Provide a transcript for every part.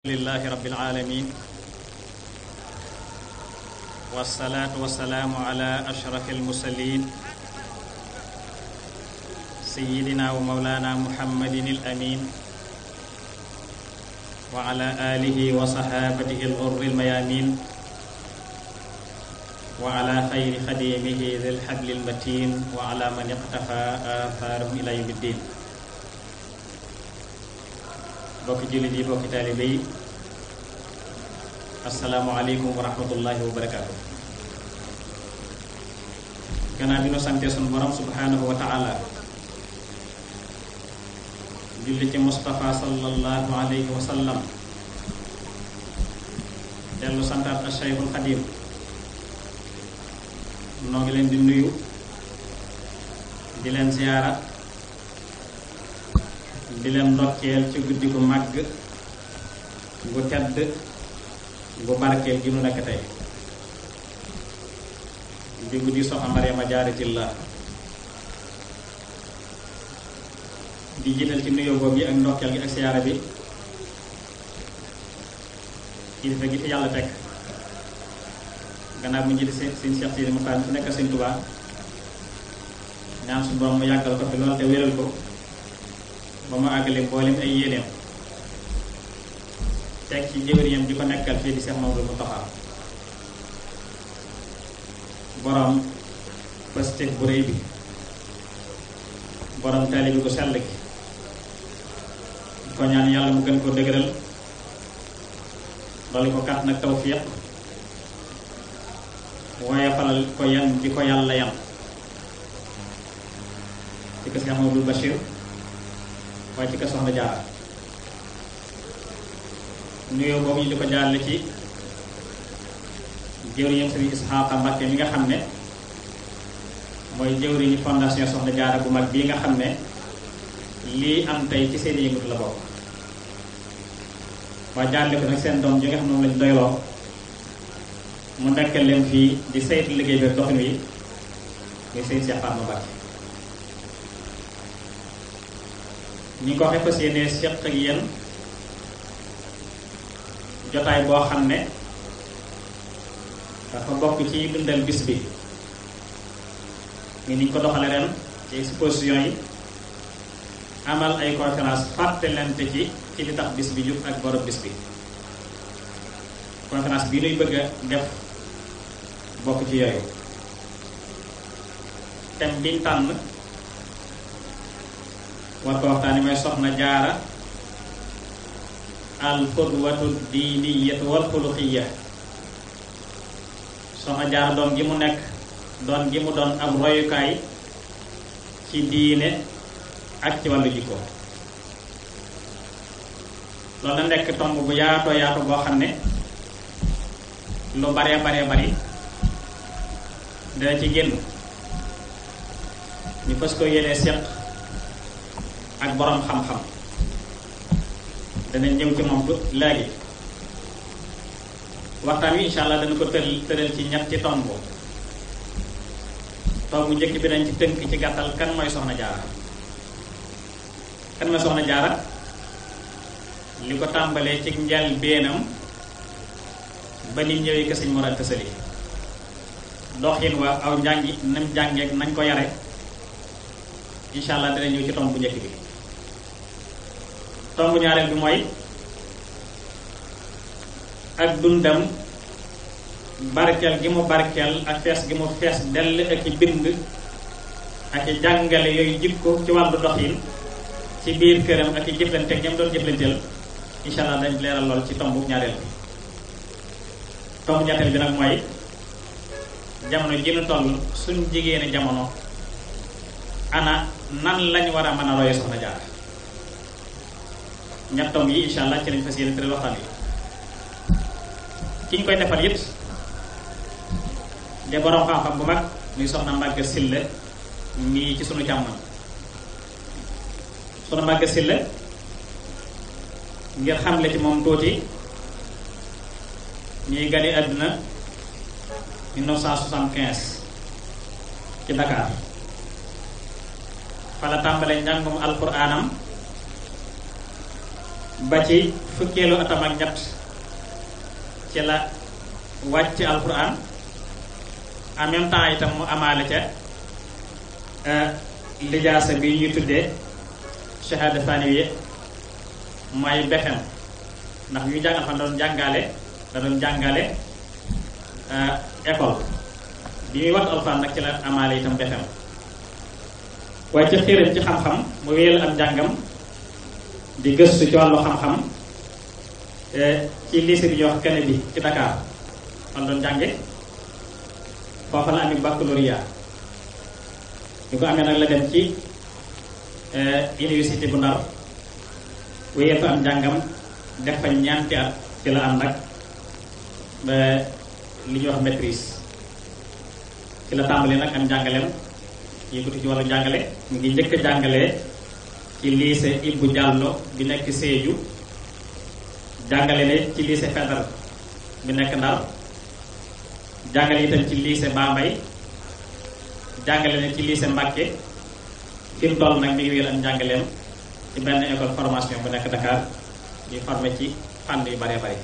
lillahi rabbil alamin wassalaatu wassalaamu ala ashrafil mursalin sayyidina wa mawlana muhammadin al amin wa ala alihi wa sahabatihi al ghurri al mayamin wa ala khayri khadimihi dhil habli al matin wa ala man iqtafa atharahum ila yawmiddin bokki jullit yi bokki taalibe yi asalaamualeykum wa rahmatullahi wa barakaatu gannaaw bi nu borom subhanahu wa julli ci Mustafa sallallahu alayhi wa sallam dellu santaat ak Cheikhul Xadim noo ngi leen di nuyu di leen ziyaara di leen ndokkeel ci guddi gu màgg gu tedd gu barkeel gi nu nekk tey di guddi soxna Mariama jaaratillah di jiital ci nuyoo boobu yi ak ndokkeel gi ak siyaara bi kilifa gi fi yàlla teg gannaaw mu jiite seen seen Cheikh Sidi Moussa fi nekk seen Tuubaa ñaan suñu borom mu yàggal ko fi lool te wéral ko ba mu àggale mboolem ay yéeneem teg ci jëwriñam di ko nekkal fii di Seex Maodo Moustapha borom pastéef bu rëy bi borom taalibe bi ko sell gi ko yàlla mu gën ko dëgëral dolli ko kat nag tawfiq waaye falal ko yan di ko yàlla yan di ko Seex Maodo Bachir waaye ci kër soxna jaar nuyoo boobu ñu nga xam ne mooy jëwriñu fondation soxna jaara bu mag bii nga xam ne lii am tey ci seen yëngatu la bokk waaye seen doom ji nga xam ne moom mu nekkal leen fii di saytu liggéey bi doxin wi muy sëriñ Seex Faatma Mbàkke ñi ko waxee fas yéenee seq ak jotaay boo xam ne dafa bokk ci dundal bis bi ni ñu ko doxale ren ci exposition yi amal ay conférence fàttalante ci ci li bis bi jub ak borom bis bi conférence bii nuy bëgg a def bokk ci yooyu thème biñ tànn war ko waxtaani mooy soxna jaara al qudwatu diiniyatu wal xuluqiya soxna jaara doon gi mu nekk doon gi mu doon ab royukaay ci diine ak ci wàllu jikko loolu nekk tomb bu yaatoo yaatu boo xam ne lu baree baree bari dana ci génn ñu fës ko yéene seq ak boroom xam-xam danañ ñëw ci moom du léegi waxtaan wi incha allah dana ko tëral tëral ci ñetti tomb tomb bu njëkk bi dañ ci tënk ci gàttal kan mooy soxna jaara kan mooy soxna jaara li ko tàmbalee ci njal beenam ba ni ñëwee ke sëñ moral tësali doxin wa aw njàngi nam jàngeek nañ ko yare incha allah dana ñëw ci tomb bu njëkk bi tomb ñaareel bi mooy ak dundam barkeel gi mu barkeel ak fees gi mu fees dell ak i bind ak i jàngale yooyu jikko ci wàllu doxin ci biir këram ak i jëflante ñam doon jëflanteel incha dañ leeral lool ci tomb ñaareel bi tomb ñetteel bi nag mooy jamono ji nu toll suñ jigéeni jamono ana nan lañu war a mën a roye soxna jaar ñett tomb yi incha allah ci lañ fas yéene tëral waxtaan yi ki ñu koy defal it de borom xam-xam bu mag muy soxna Mbacke Sylla mii ci sunu càmmoñ soxna Mbacke Sylla ngir la ci moom tuuti ñuy gane àdduna 1975 ci Dakar fa la tàmbalee njàngum alquraanam ba ci fukkeelu atam ak ñett ci la wàcc alquran en même temps itam mu amaale ca euh, lijaasa bi ñuy tuddee shahada saniwiye mooy bexem ndax ñuy jàngal xam da doon jàngale da doon jàngale euh, école bi muy waxtu alquran nag ci la amaale itam bexem waaye ci xiiram ci xam-xam mu wéyal am njàngam di gës ci wàllu xam-xam ci lycée bi ñuy wax Kennedy bi ci Dakar man doon jànge foofa la amee baccalauréat ñu ko amee nag la dem ci eh, université bu Ndar wéyee fa am njàngam def fa ñaanti at ci la am nag li ñuy wax maîtrise ci la tàmbalee nag am njàngaleem yëngatu ci wàllu njàngale mu ngi njëkk a ci lycée Ibou Diallo bi nekk seeju jàngale ne ci lycée Faidherbe bi nekk Ndar jàngale itam ci lycée Bambey jàngale ne ci lycée Mbacké fi mu toll nag mi ngi am njàngaleem ci benn école formation bu nekk Dakar ñuy formé ci fànn yu bare bare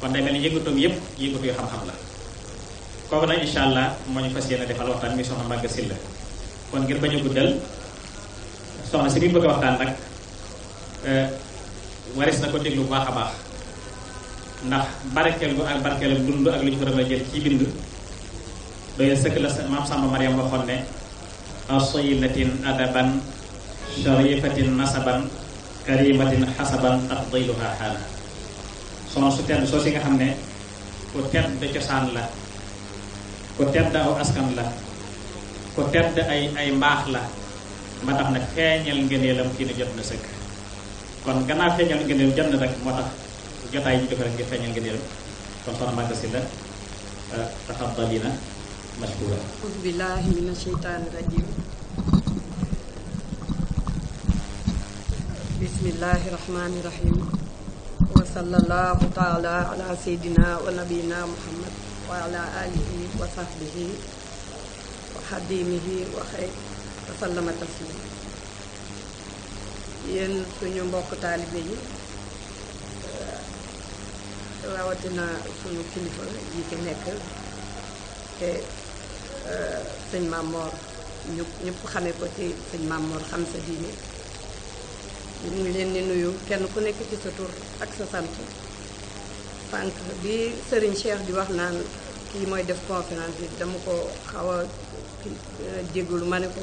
kon day mel ni yëngatoom yëpp yëngatu yu xam-xam la kooku nag incha moo ñu fas yéene defal waxtaan mi soxna Maguette Sylla kon ngir bañ a guddal soxna si muy bëgg a waxtaan nag euh, waris na ko déglu bu baax a baax ndax barkeel gu ak barkeel ak dund ak lu ñu ko doon jël ci bind doy sëkk la maam Samba Mariam waxoon ne asilatin adaban sharifatin nasaban karimatin xasaban tafdiluha xaala soxna su tedd soo si nga xam ne ku tedd cosaan la ku tedd aw askan la ku tedd ay mbaax la ba tax nag feeñal ngëneelam ci ne jot na sëkk kon gannaaw feeñal ngëneelam jot na rek moo tax jotaay yi ñu def rek ngir feeñal ngëneelam kon soxna Maga Sylla euh, tafaddalina mashkura auzu billahi mina sheytaani rajim bismillahi rahmani rahim wa sallallahu taala ala seydina wa nabiyina muhammad wa ala alihi wa sahbihi wa xadimihi wa xayr wasallama taslima yéen suñu mbokk taalibe yi euh, rawatina suñu kilifa yi fi nekk te euh, sëñ Mamor ñu ñëpp xamee ko ci sëñ Mamor xam sa diine ñu leen di nuyu kenn ku nekk ci sa tur ak sa sant sànq bi sëriñ Cheikh di wax naan kii mooy def conférence bi dama ko xaw a euh, jégalu ma ne ko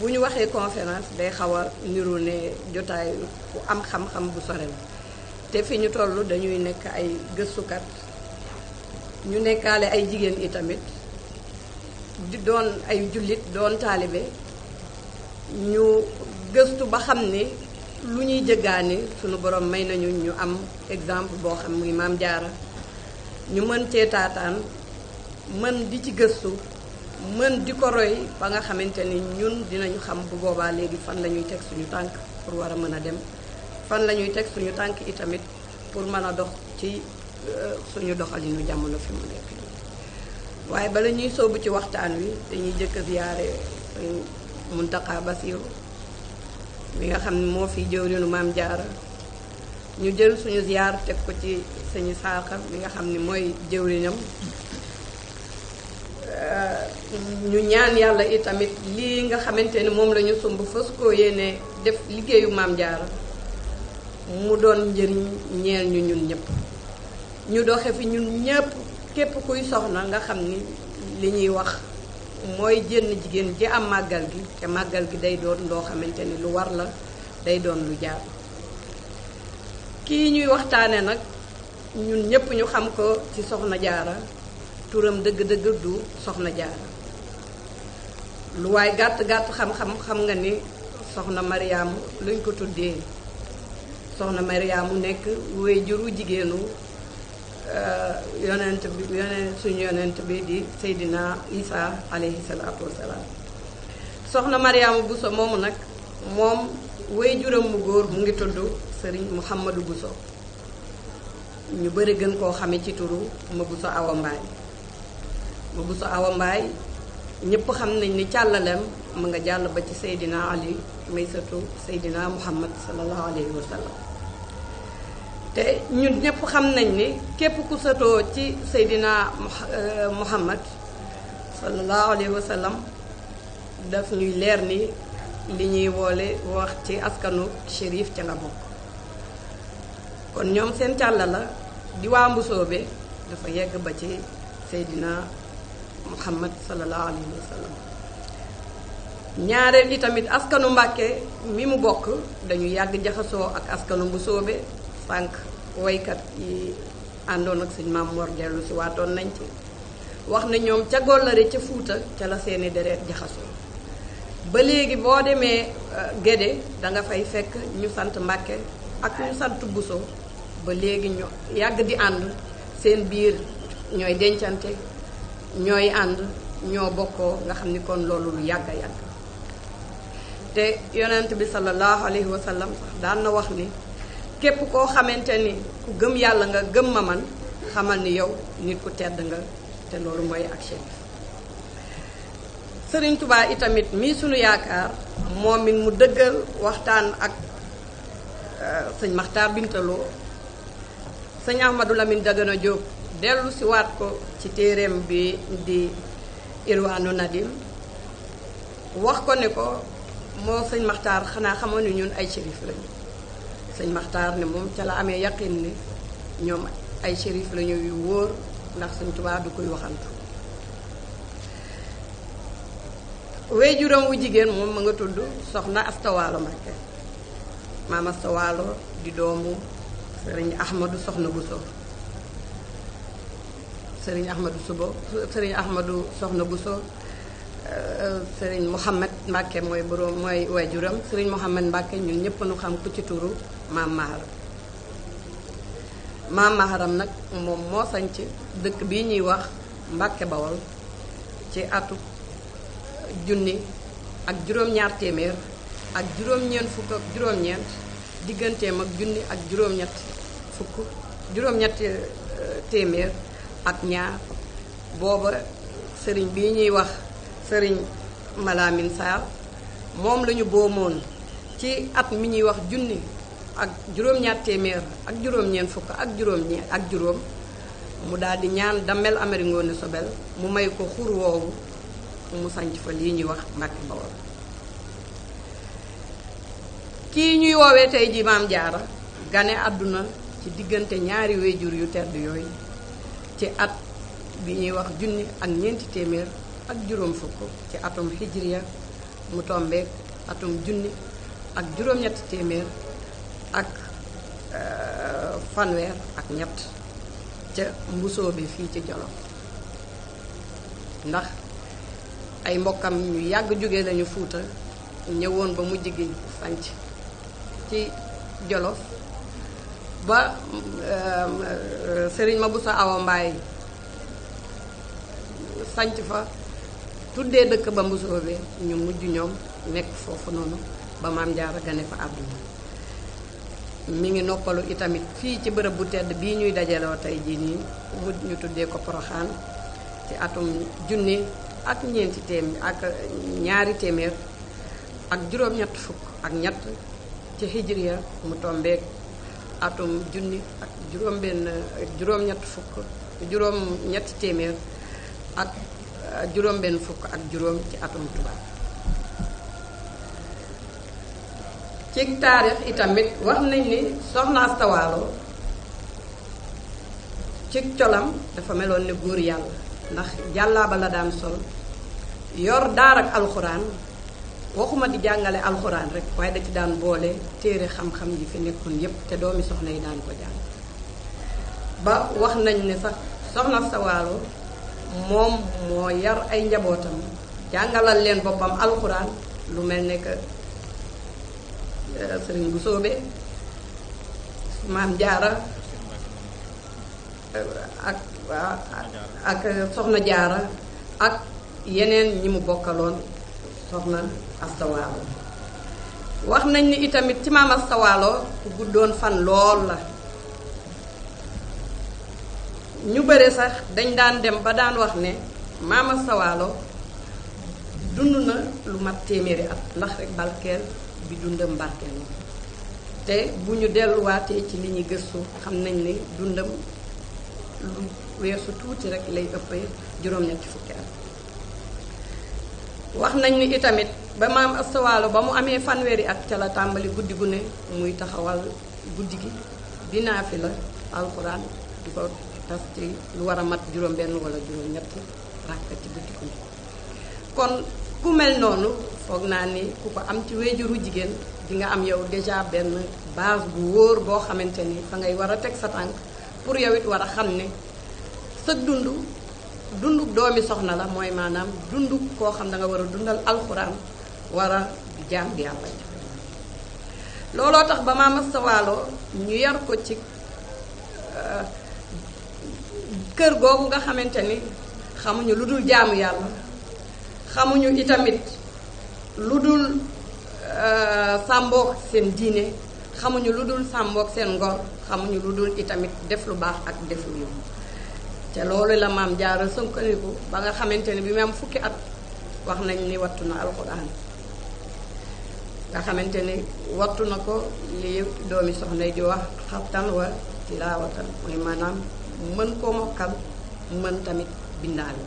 bu ñu waxee conférence day xaw a niru ne jotaay ku am xam-xam bu sore la te fi ñu toll dañuy nekk ay gëstukat ñu nekkaale ay jigéen i tamit di doon ay jullit doon taalibe ñu gëstu ba xam ne lu ñuy jëggaani sunu borom may nañu ñu am exemple boo xam muy maam jaara ñu mën cee taataan mën di ci gëstu mën di ko roy ba nga xamante ni ñun dinañu xam bu boobaa léegi fan la ñuy teg suñu tànk pour war a mën a dem fan la ñuy teg suñu tànk itamit pour mën a dox ci euh, suñu doxalinu jamono fi mu nekk waaye bala ñuy soobu ci waxtaan wi dañuy jëkk a ziyaare Muntaqa Basiru mi nga xam ni moo fi jëwriñu maam jaara ñu jël suñu ziyaar teg ko ci sëñ Saaka mi nga xam ni mooy jëwriñam Euh, ñu ñaan yàlla itamit lii nga xamante ni moom lañu ñu sumb fas koo yéene def liggéeyu maam jaara mu doon njëriñ ñeel ñu ñun ñëpp ñu doxe fi ñun ñëpp képp kuy soxna nga xam ni li ñuy wax mooy jënn jigéen ji am màggal gi te màggal gi day doon loo xamante ni lu war la day doon lu jaar kii ñuy waxtaane nag ñun ñëpp ñu xam ko ci soxna jaara turam dëgg-dëgg du soxna jaara lu waay gàtt-gàtt xam-xam xam nga ni soxna mariyaamu luñ ko tuddee soxna mariyaamu nekk wéy juru jigéenu euh, yonent bi suñu yonent bi di seydina isa alayhi salaatu wasalaam soxna mariyaamu buso moomu nag moom wéy juram mu góor mu ngi tudd sëriñ muhammadu buso ñu bari gën koo xame ci turu ma buso awa mbaay ma bu sa Awa Mbaay ñëpp xam nañ ni càllalem mu nga jàll ba ci Seydina Ali may satu Seydina Muhammad sallallahu alayhi wa te ñun ñëpp xam nañ ni képp ku setoo ci Seydina Muhammad sallallahu alayhi wa sallam euh, ñuy leer ni li ñuy woole wax ci askanu shérif ca nga bokk kon ñoom seen càlla la di waa mbusoobe dafa yegg ba ci seydinaa muhammad sallallahu alayhi wa sallam ñaareel yi tamit askanu mbàkke mi mu bokk dañu yàgg jaxasoo ak askanu bu soobe sànq woykat yi àndoon ak sëñ maam Mor dellu si waatoon nañ ci wax na ñoom ca Gollare ca Fuuta ca la seeni deret jaxasoo ba léegi boo demee euh, Gédé danga fay fekk ñu sant Mbàkke ak ñu sant Buso ba léegi ñu yàgg di ànd seen biir ñooy dencante ñooy ànd ñoo bokkoo nga xam ni kon loolu lu yàgg a yàgg te yonent bi sallallahu alayhi wa sallam sax daan na wax ni képp koo xamante ni ku gëm yàlla nga gëm ma man xamal ni yow nit ku tedd nga te loolu mooy ak chef Sëriñ Tuubaa itamit mii suñu yaakaar moom it mu dëggal waxtaan ak euh, sëñ Maxtaar Bintaloo sëñ Ahmadou Lamine Dagana Diop dellu si waat ko ci téereem bi di Irwaanu Nadim wax ko ne ko moo sëñ Maxtaar xanaa xamoon ne ñun ay shérif lañu sëñ Maxtaar ne moom ca la amee yaqin ne ñoom ay shérif lañu yu wóor ndax sëñ Tuubaa du koy waxantu waajuram wu jigéen moom ma nga tudd soxna Astawaalo Mbakke maam Astawaalo di doomu sëriñ Ahmadu soxna Buso sëriñ Ahmadou Subo sëriñ Ahmadou Soxna Bousso euh, sëriñ Mouhamed Mbacke mooy borom mooy waajuram sëriñ Mouhamed Mbacke ñun ñépp nu xam ku ci turu maam Maharam nag moom moo sañc dëkk bi ñuy wax mbakke Bawol ci atu junni ak juróom-ñaar téeméer ak juróom-ñeent fukk juróom-ñeent euh, téeméer ak ñaar booba sëriñ bii ñuy wax sëriñ Malamine Sarr moom lañu ñu boomoon ci at mi ñuy wax junni ak juróom-ñaar fukk ak juróom-ñeent ak juróom mu daldi ñaan Damel Amari Ngoone Sobel mu may ko xur woowu mu sanc fa lii ñuy wax Mbàkke Bawol kii ñuy woowee tey ji Jaara gane àdduna ci diggante ñaari wéjur yu tedd yooyu ci at bi ñuy wax junni ak ñeenti téeméer ak juróom fukk ci atum hijriya mu tombeek atum junni ak juróom-ñetti téeméer ak euh, fanweer ak ñett ca mbusoo bi fii ci Jolof ndax ay mbokkam ñu yàgg jóge lañu Fuuta ñëwoon ba mu gi sanc ci Jolof ba sëriñ ehm, ma eh, Serigne Maboussa Awa Mbaye sanc fa tuddee dëkk ba Mbusoobe ñu mujj ñoom nekk foofu noonu ba maam Jaara gane fa àdduna mi ngi noppalu itamit fii ci bërëb bu tedd bii ñuy dajaloo tey jii nii mujj ñu tuddee ko Poroxaan ci atum junni ak ñeenti téeméer ak ñaari téeméer ak juróom-ñett fukk ak ñett ci hijriya mu tombeek atum junni ak juróom benn juróom ñett fukk juróom ñetti téeméer ak juróom benn fukk ak juróom ci atum tubaab ci taarix itamit wax nañ ni soxna Asta Waalo colam dafa meloon ni góor yàlla ndax jàllaaba la daan sol yor daar ak alxuraan waxuma di jàngale alxuraan rek waaye da ci daan boole téere xam-xam yi fi nekkoon yépp te doomi soxna yi daan ko jàng ba wax nañ ne sax soxna Sawaalo moom moo yar ay njabootam jàngalal leen boppam alxuraan lu mel ne que sëriñ bu soobe maam jaara ak ak soxna jaara ak yeneen ñi mu bokkaloon soxna astawaalo wax nañ ni itamit ci maam astawaalo ku guddoon fan lool la ñu bare sax dañ daan dem ba daan wax ne maam astawaalo dund na lu mat téeméeri at ndax rek barkeel bi dundam barkeel na te bu ñu delluwaatee ci li ñu gëstu xam nañ ni dundam lu weesu tuuti rekk lay ëpp juróom-ñetti fukki at wax nañ ni itamit ba maam astawaalo ba mu amee fanweeri ak ca la tàmbali guddi gu ne muy taxawal guddi gi di la alxuraan di ko tas ci lu war a mat juróom-benn wala juróom-ñett ràkka ci guddi gu kon ku mel noonu foog naa ni ku ko am ci wéjuru jigéen di nga am yow déjà benn base bu wóor boo xamante ni fa ngay war a teg sa tànk pour yow it war a xam ne sa dund dunduk doomi soxna la mooy maanaam dunduk koo xam da nga war a dundal alxuraan war a jaam yàlla looloo tax ba maama sawaaloo ñu yar ko ci euh, kër googu nga xamante ni xamuñu lu dul jaamu yàlla xamuñu itamit lu dul euh, sàmboog seen diine xamuñu lu dul sàmboog seen ngor xamuñu lu dul itamit def lu baax ak def lu yomb te loolu la maam jaara sënkaniku ba nga xamante ni bi mu fukki at wax nañ ni wattu na alxuraan nga xamante ni wattu na ko li doomi soxna yi di wax xabtan wa tilaawatan mooy maanaam mën ko mokkal mën tamit bindaale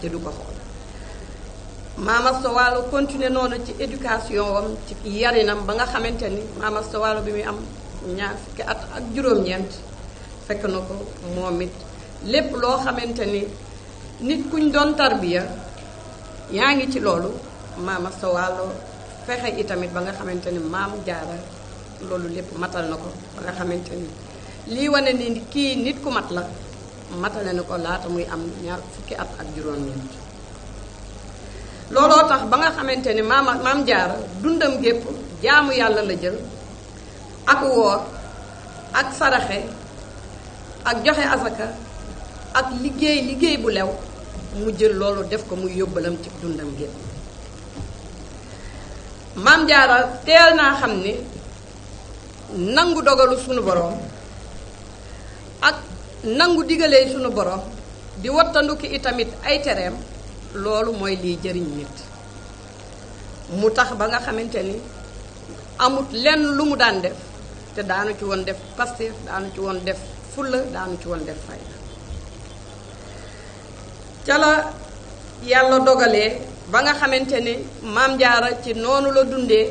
te du ko xool maama Sowalo continuer noonu ci éducation wam ci yarinam ba nga xamante ni maama Sowalo bi muy am ñaar fukki at ak juróom-ñeent fekk na ko moom it lépp loo xamante ni nit kuñ doon tarbiya yaa ngi ci loolu maama Sowalo fexe itamit ba nga xamante ni maam jaara loolu lépp matal na ko ba nga xamante ni lii wane ni kii nit ku mat la matale na ko laata muy am ñaar fukki at ak juróom-ñeent looloo tax ba nga xamante ni maam maam jaara dundam gépp jaamu yàlla la jël ak woor ak saraxe ak joxe asaka ak liggéey liggéey bu lew mu jël loolu def ko muy yóbbalam ci dundam gépp maam jaara teel naa xam ni nangu dogalu sunu borom ak nangu digalee sunu borom di wattandu ki itamit ay tereem loolu mooy liy jëriñ nit mu tax ba nga xamante ni amut lenn lu mu daan def te daanu ci woon def pastéef daanu ci woon def fulla daanu ci woon def fayda ca la yàlla dogalee ba nga xamante ne maam jaara ci noonu la dundee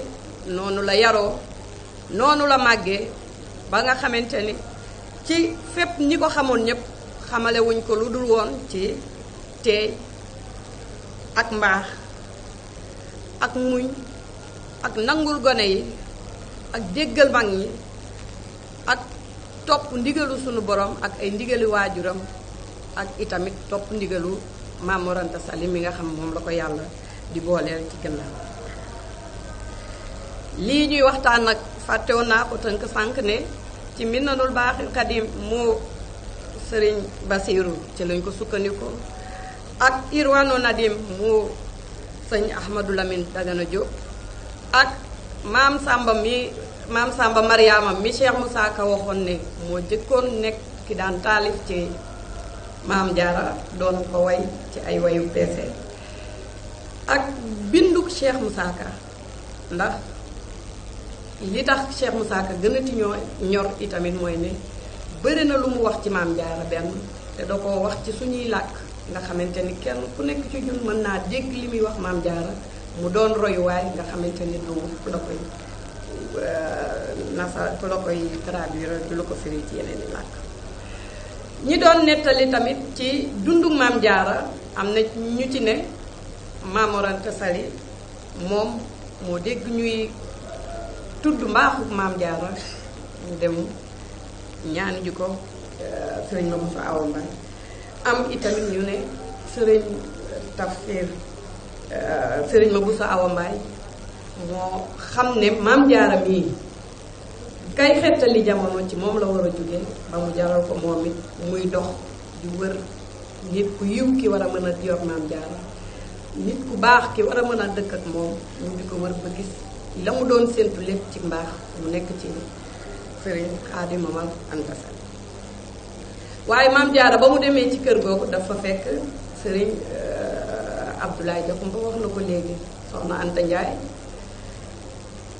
noonu la yaroo noonu la màggee ba nga xamante ni ci fépp ñi ko xamoon ñëpp xamalewuñ ko lu dul woon ci teey ak mbaax ak muñ ak nangul gone yi ak déggal mag ñi ak topp ndigalu sunu borom ak ay ndigali waajuram ak itamit topp ndigalu maam Mor Anta Sali mi nga xam moom la ko yàlla di booleel ci gannaaw lii ñuy waxtaan nag fàttewoon naa ko tënk sànq ne ci Minanul Baaxil Xadim moo sëriñ Basiiru ci lañ ko sukkandikoo ak Irwanu Nadim moo sëñ Ahmadou Lamine Dagana Diop ak maam Samba mi maam Samba Mariama mi Cheikh Moussa waxoon ne moo jëkkoon nekk ki daan taalif ci maam jaara doon ko way ci ay wayu peese ak bindu Cheikh Moussa Ka ndax li tax Cheikh Moussa Ka gënati ñoo ñor itamit mooy ne bëri na lu mu wax ci maam jaara benn te da koo wax ci suñuy làkk nga xamante ni kenn ku nekk ci ñun mën naa dégg li muy wax maam jaara mu doon royuwaay nga xamante ni ku la koy euh, nasa ku la koy traduire du la ko firi ci yeneen làkk ñi doon nettali tamit ci dundu maam jaara am na ñu ci ne maamorante sali moom moo dégg ñuy tudd mbaaxu maam jaara ñu dem ñaan yu ko sëriñ ma ko fa awa am itamit ñu ne sëriñ tafsir sëriñ ma bu sa awa moo xam ne maam jaara mii kay xettali jamono ci moom la war a jóge ba mu jaral ko moom it muy dox di wër nit ku yiw ki war a mën a yor maam jaara nit ku baax ki war a mën a dëkk ak moom mu di ko wër ba gis la mu doon séentu lépp ci mbaax mu nekk ci sëriñ Xaadimu Maam Anta Sall waaye maam jaara ba mu demee ci kër googu dafa fekk sëriñ euh, Abdoulaye Diakhoumpa wax na ko léegi soxna Anta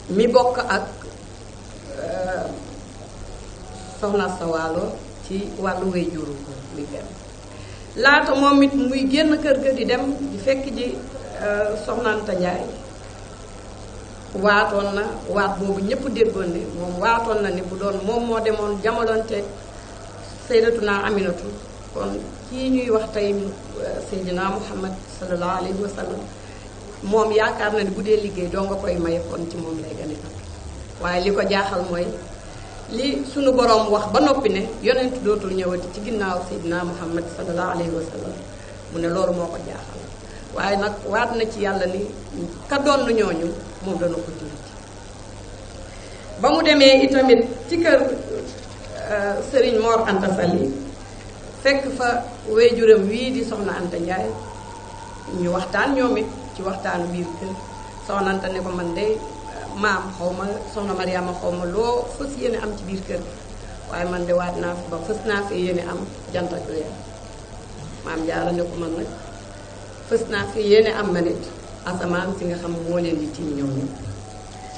mi bokk ak Euh, soxna sa waalo ci wàllu way juru muy benn laata moom it muy génn kër ga di dem di fekk ji euh, soxnaanta njaay waatoon na waat boobu ñëpp déggoon ne moom waatoon na ne bu doon moom moo demoon jamononte sayyidatuna aminatu kon kii ñuy wax tey euh, sayyidina muhammad sallallahu alayhi wa sallam moom yaakaar na ne bu dee liggéey doo nga koy maye kon ci moom lay gën waaye li ko jaaxal mooy li sunu boroom wax ba noppi ne yonent dootul ñëwati ci ginnaaw Seydina Muhammad sallallahu alayhi wa sallam mu ne loolu moo ko jaaxal waaye nag waat na ci yàlla ni ka doon ñooñu moom dana ko jur ba mu demee itamit ci kër euh, sëriñ Mor Anta Sali fekk fa wejuram wii di soxna Anta ñu waxtaan ñoom ci waxtaan biir kër soxna ne ko man de maam xaw ma soxna Mariama xaw ma loo fës yéene am ci biir kër gi waaye man de waat naa fi ba fës naa fi yéene am janta ak weer maam jaara ne ko man nag fës naa fi yéene am ma nit asamaan si nga xam moo leen di tiim ñoom ñëpp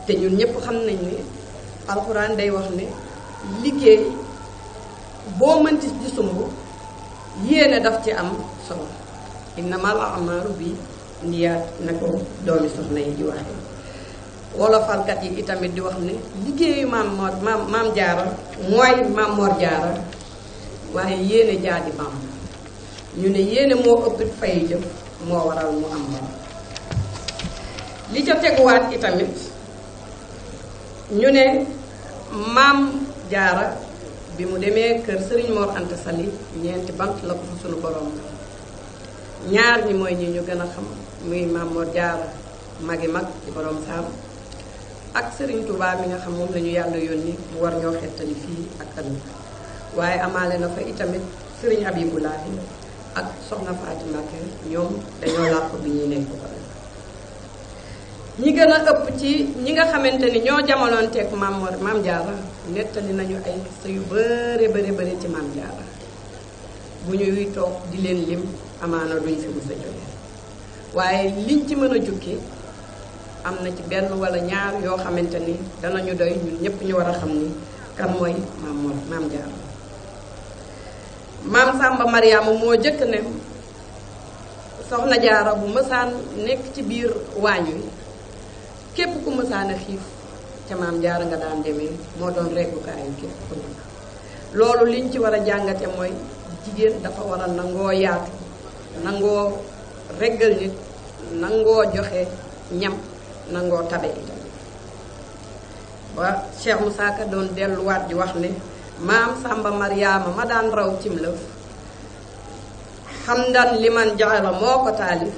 te ñun xam nañ ne alxuraan day wax ne liggéey boo mënti ci sumb yéene daf ci am solo innamal a'maalu bi niyaat na ko doomi soxna yi di waxee wolofalkat yi itamit di wax ne liggéeyu maam Mor maam maam Jaara mooy maam Mor Jaara waaye yéene jaadi maam ñu ne yéene moo ëpp fayu jëf moo waral mu am moom li ca teguwaat itamit ñu ne maam Jaara bi mu demee kër Serigne Mor Anta Sali ñeenti bant la ko fa sunu borom ñaar ñi mooy ñi ñu gën a xam muy maam Mor Jaara magi mag di borom saam ak Serigne tubaab mi nga xam moom la ñu yàlla yónni mu war ñoo xettali fii ak ëllëg waaye amaale na fa itamit Serigne Abibulahi ak Soxna ak Mbakke ñoom dañoo làq bi ñuy nekk ko ñi gën a ëpp ci ñi nga xamante ni ñoo jamonoonteeg Maam Mor Maam Jaara nettali nañu ay sa yu bare bare bare ci Maam Jaara bu ñuy toog di leen lim amaana duñ fi mu sa jóge waaye liñ ci mën a jukki am na ci benn walla ñaar yoo xamante ni danañu doy ñun ñëpp ñu war a xam ni kan mooy maam moom maam Jaara maam Sàmba Mariama moo jëkk ne soxna jaara bu mësaan nekk ci biir waañ wi képp ku mësaan a xiif ca maam jaara nga daan demee moo doon reggukaayu képp ku nekk loolu liñ ci war a jàngate mooy jigéen dafa war a nangoo yaatu nangoo reggal nit nangoo joxe ñam nangoo tabe itam ba Cheikh Moussa Ka doon delluwaat di wax ne maam Sàmba Mariyaama ma daan raw cim lëf xamdan li man jaala moo ko taalif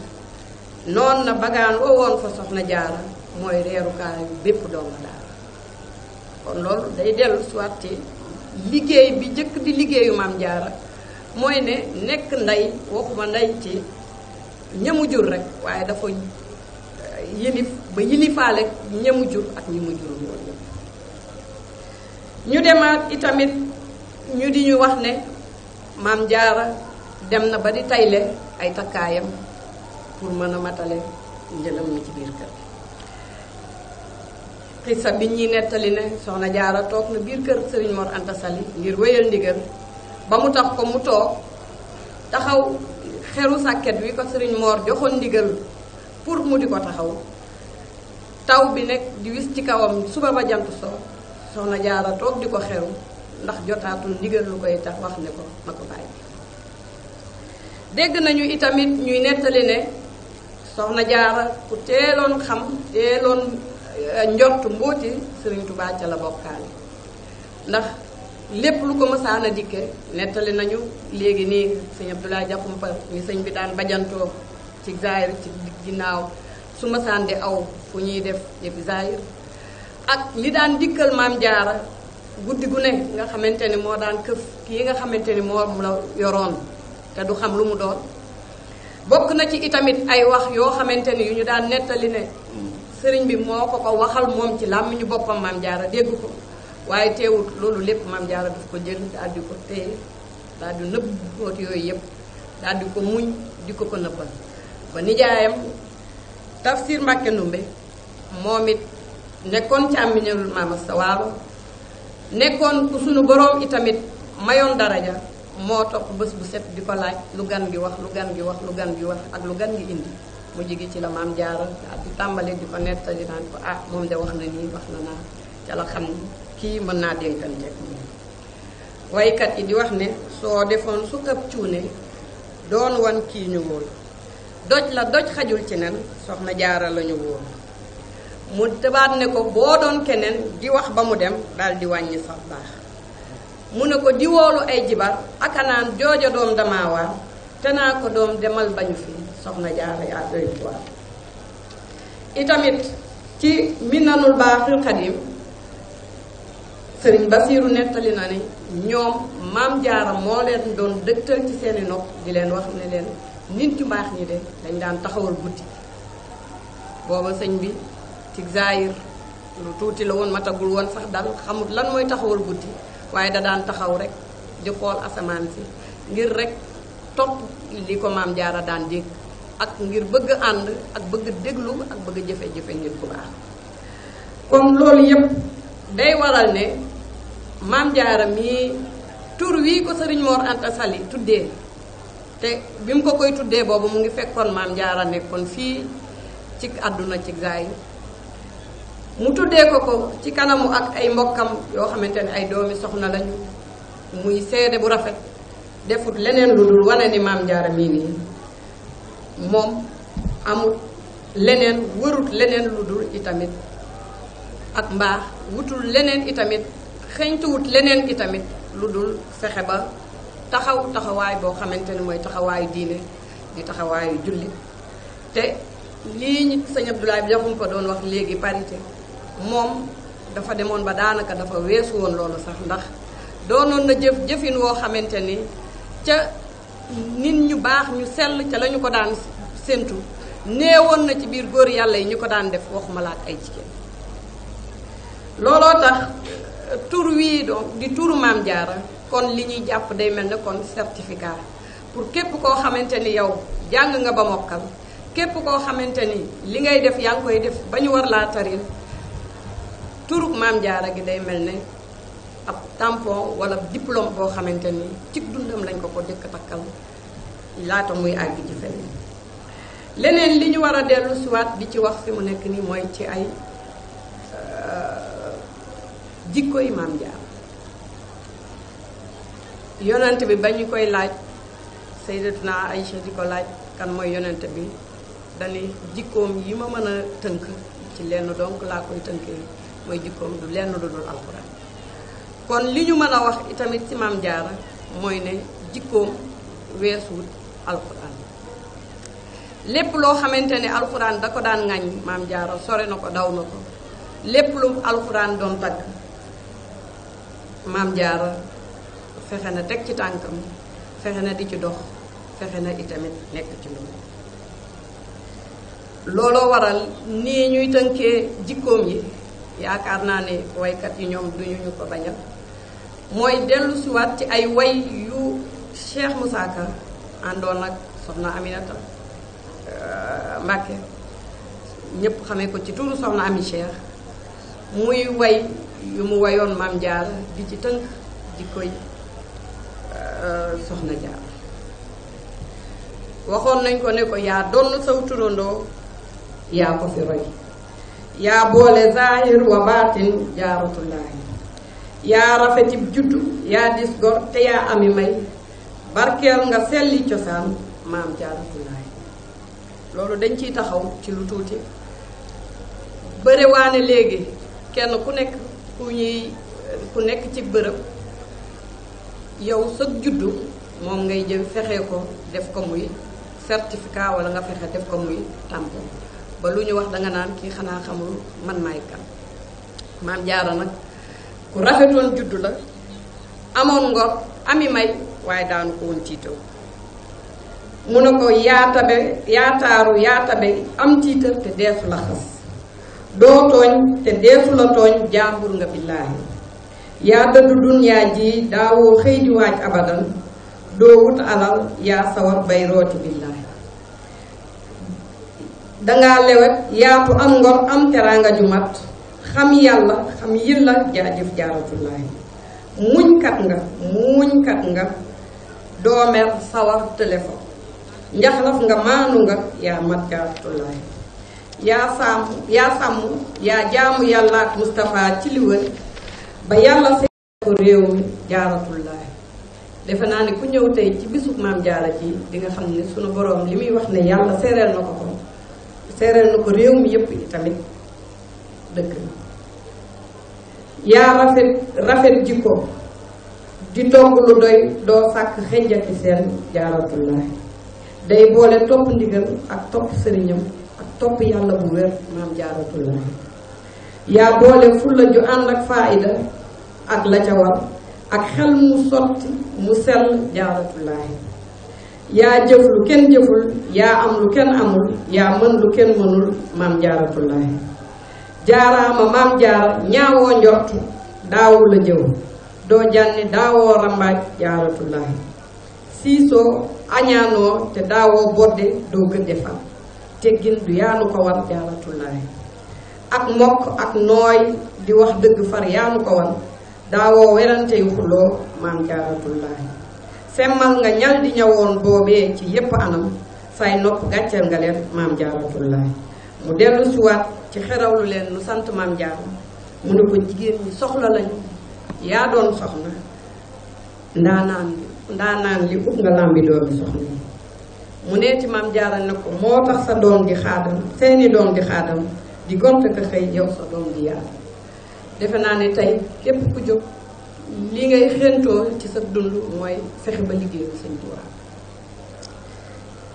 noonu na bagaan woon fa soxna jaara mooy reerukaayu bépp doomu daara kon loolu day dellu soit ci liggéey bi jëkk di liggéeyu maam jaara mooy ne nekk ndey waxuma ndey ci ñamu jur rek waaye dafa yilif ba yilifaale ñamu jur ak ñi mu jurul woon ñu demaat itamit ñu di ñu wax ne maam jaara dem na ba di tayle ay takkaayam pour mën a matale njëlam mi ci biir kër xisa bi ñuy nettali ne soxna jaara toog na biir kër sëriñ Mor Anta ngir wéyal ndigal ba mu tax ko mu toog taxaw xeru sàkket wi ko sëriñ moor joxoon ndigal pour mu di ko taxaw taw bi nekk di wis ci kawam suba ba jant soo soxna jaara toog di ko xew ndax jotaatul ndigal lu koy tax wax ne ko na ko bàyyi dégg nañu itamit ñuy nettali ne soxna jaara ku teeloon xam teeloon eh, njort mbóoti sëriñ Tuubaa ca la bokkaale ndax lépp lu ko mësaan a dikke nettali nañu léegi nii sëñ Abdoulaye Jaxumpa mi sëñ bi daan bajantoo ci zaahir ci ginnaaw su mësaan di aw fu ñuy def yëfi zahir ak li daan dikkal maam jaara guddi gu ne nga xamante ni moo daan këf kii nga xamante ni moo la yoroon te du xam lu mu doon bokk na ci itamit ay wax yoo xamante ni yu ñu daan nettali ne sëriñ bi moo ko ko waxal moom ci làmmiñu boppam maam jaara dégg ko waaye teewut loolu lépp maam jaara daf ko jël daal di ko téye daal di nëbb xóot yooyu yëpp daal di ko muñ di ko ko nëbbal ba nijaayam tafsir Mbàkke Ndumbe moom it nekkoon ci am miñalul sa waalo nekkoon ku sunu boroom itamit mayoon daraja moo topp bés bu set di ko laaj lu gan gi wax lu gan gi wax lu gan gi wax ak lu gan gi indi mu jigi ci la maam jaara di tàmbali di ko nettali naan ko ah moom de wax na nii wax na naa ca la xam kii mën naa dénkanteeg moom waykat yi di wax ne soo defoon su këpp cuune doon wan kii ñu wóolu doj la doj xajul ci nen soxna jaara lañu ñu wóolu mu tabaat ne ko boo doon keneen di wax ba mu dem daal di wàññi sax baax mu ne ko di woolu ay jibar akanaan jooja doom damaa waar te naa ko doom demal bañu fi soxna jaara yaa doy waar itamit ci minanul baaxil xadim sëriñ Basiiru nettali na ne ñoom maam jaara moo leen doon dëgtal ci seeni nopp di leen wax ne leen nit ñu baax ñi de dañ daan taxawal guddi booba sëñ bi ci zaayir lu tuuti la woon matagul woon sax dal xamut lan mooy taxawal guddi waaye da daan taxaw rek di xool asamaan si ngir rek topp li ko maam jaara daan dégg ak ngir bëgg ànd ak bëgg déglu ak bëgg jëfe-jëfe ngir bu baax comme loolu yépp day waral ne maam jaara mii tur wii ko sëriñ Mor Anta tuddee te bi mu ko koy tuddee boobu mu ngi fekkoon maam jaar a nekkoon fii ci àdduna ci zaayir mu tuddee ko ko ci kanamu ak ay mbokkam yoo xamante ne ay doomi soxna lañu muy seede bu rafet defut leneen lu dul wane ni maam Jaara mii nii moom amut leneen wërut leneen lu dul itamit ak mbaax wutul leneen itamit xeñtuwut leneen itamit lu dul fexe ba taxaw taxawaay boo xamante ne mooy taxawaayu diine di taxawaayu julli te lii sëñ Abdoulaye bi joxum ko doon wax léegi parité moom dafa demoon ba daanaka dafa weesu woon loolu sax ndax doonoon na jëf jëfin woo xamante ni ca nit ñu baax ñu sell ca lañu ko daan séntu woon na ci biir góor yàlla yi ñu ko daan def waxuma laat ay jigéen looloo tax tur wii do di turu maam jaara kon li ñuy jàpp day mel ne kon certificat pour képp koo xamante ni yow jàng nga ba mokkal képp koo xamante ni li ngay def yaa ngi koy def ba ñu war laa taril turug maam jaara gi day mel ne ab tampon wala diplôme boo xamante ni ci dundam lañ ko ko jëkk takkal laata muy àgg ci fenn leneen li ñu war a dellu siwaat di ci wax fi mu nekk nii mooy ci ay euh, jikkoy maam jaara yonent bi ba ñu koy laaj sayyidatuna Aïcha di ko laaj kan mooy yonent bi dani jikkoom yi ma mën a tënk ci lenn donc laa koy tënkee mooy jikkoom du lenn lu dul alxuraan kon li ñu mën a wax itamit ci maam jaara mooy ne jikkoom weesuwut alxuraan lépp loo xamante ne alxuraan da ko daan ŋañ maam jaara sore na ko daw na ko lépp lu alxuraan doon tagg maam jaara fexe na teg ci tànkam fexe na di ci dox fexe na itamit nekk ci loolu looloo waral nii ñuy tënkee jikkoom yi yaakaar naa ne woykat yi ñoom duñu ñu ko bañal mooy dellusiwaat ci ay way yu Cheikh Moussa àndoon ak soxna Aminata euh, Mbacke ñëpp xamee ko ci turu soxna Ami Cheikh muy way yu mu wayoon Maam Jaara di ci tënk di koy euh, soxna Jaara waxoon nañ ko ne ko yaa doon saw turandoo yaa ko fi roy yaa boole zahir wa baatin jaaratullaahi yaa rafetib juddu yaa dis gor te yaa ami may barkeel nga selli cosaan maam jaaratullaahi loolu dañ ciy taxaw ci lu tuuti bëre waane léegi kenn ku nekk ku ñuy ku nekk ci bërëb yow sa juddu moom ngay jëm fexe ko def ko muy certificat walla nga fexe def ko muy tampon ba lu ñu wax danga naan kii xanaa xamul man maay kan maam jaara nag ku rafetoon juddu la amoon ngor ami may waaye daanu ko woon tiitoo mu ne ko yaatabe yaataaru yaatabe am tiitar te deesu la xas doo tooñ te deesu la tooñ jaambur nga billaahi yaa dëddu dunyaa ji daawoo xëy di waaj abadan doo wut alal yaa sawar bay rooti bi dangaa lewet yaatu am ngor am teraanga ju mat xam yàlla xam yilla jaajëf jaaratullaahi muñkat nga muñkat nga doomer sawar téléphone njaxlaf nga maanu nga yaa mat jaaratullaahi yaa sàmm yaa sàmm yaa jaamu yàlla ak ci li wër ba yàlla seet ko réew mi jaaratullaahi defe naa ne ku ñëw tey ci bisub maam jaara ji di xam ne sunu boroom li muy wax ne yàlla seereel na ko ko seeral na ko réew mi yëpp yi tamit dëkk yaa rafet rafet jikko di togg lu doy doo sàkk xëjati seen jaaratullaahi day boole topp ndigal ak topp sëriñam ak topp yàlla bu wér maam jaaratullaahi yaa boole fulla ju ànd ak faayida ak la ca war ak xel mu sotti mu sell jaaratullaahi yaa jëf lu kenn jëful yaa am lu kenn amul yaa mën lu kenn mënul maam jaaratullaahi jaaraama maam jaara ñaawoo njort daawu jëw doo jànni daawoo rambaaj jaaratullaahi siisoo añaanoo te daawoo bodde doo gëdde fan teggin du yaanu ko war jaaratullaahi ak mokk ak nooy di wax dëgg far yaanu ko wan daawoo werante yu xuloo maam jaaratullaahi femmal nga ñal di ñawoon boobee ci yépp anam say nopp gàcceel nga leen maam jaaratullaahi mu dellu siwaat ci xerawlu leen nu sant maam jaara mu ne ko jigéen ñi soxla lañu yaa doon soxna ndaanaan ndaanaan li ut nga làmbi doomi soxna yi mu neeti maam jaara ne ko moo tax sa doom di xaadam seeni doom di xaadam di gont ka xëy yow sa doom di yaar defe naa ne tey képp ku jóg li ngay xéntoo ci sa dund mooy fexe ba liggéeyu Sëñ Tuubaa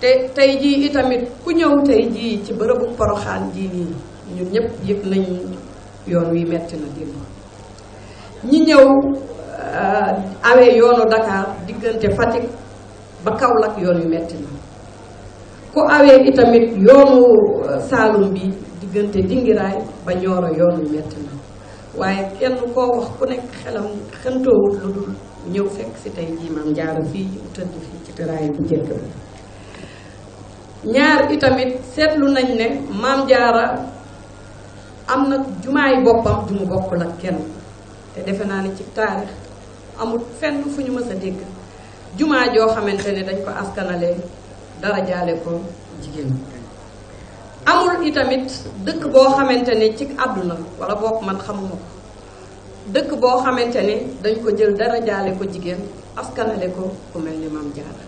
te tey jii itamit ku ñëw tey jii ci bërëbu poroxaan jii nii ñun ñëpp yëg nañ yoon wi metti na démb ñi ñëw euh, awee yoonu Dakar diggante Fatick ba Kaolack yoon wi metti na ku awee itamit yoonu euh, Saalum bi diggante Dingiraay ba Nioro yoon wi metti na waaye kenn koo wax ku nekk xelam xëntoowut lu dul ñëw fekk si tey jii maam jaara fii mu tëdd fii ci tëraay bu jëkk bi ñaar itamit seetlu nañ ne maam jaara am na jumaay boppam ju mu bokkul kenn te defe naa ne ci taarix amul fenn fu ñu mës a dégg jumaa joo xamante ni dañ ko askanale dara jaale ko jigéen amul itamit dëkk boo xamante ne ci àdduna wala bokk man xamuma ko dëkk boo xamante ne dañ ko jël dara jaale ko jigéen askanale ko ku mel ni Maam Jaara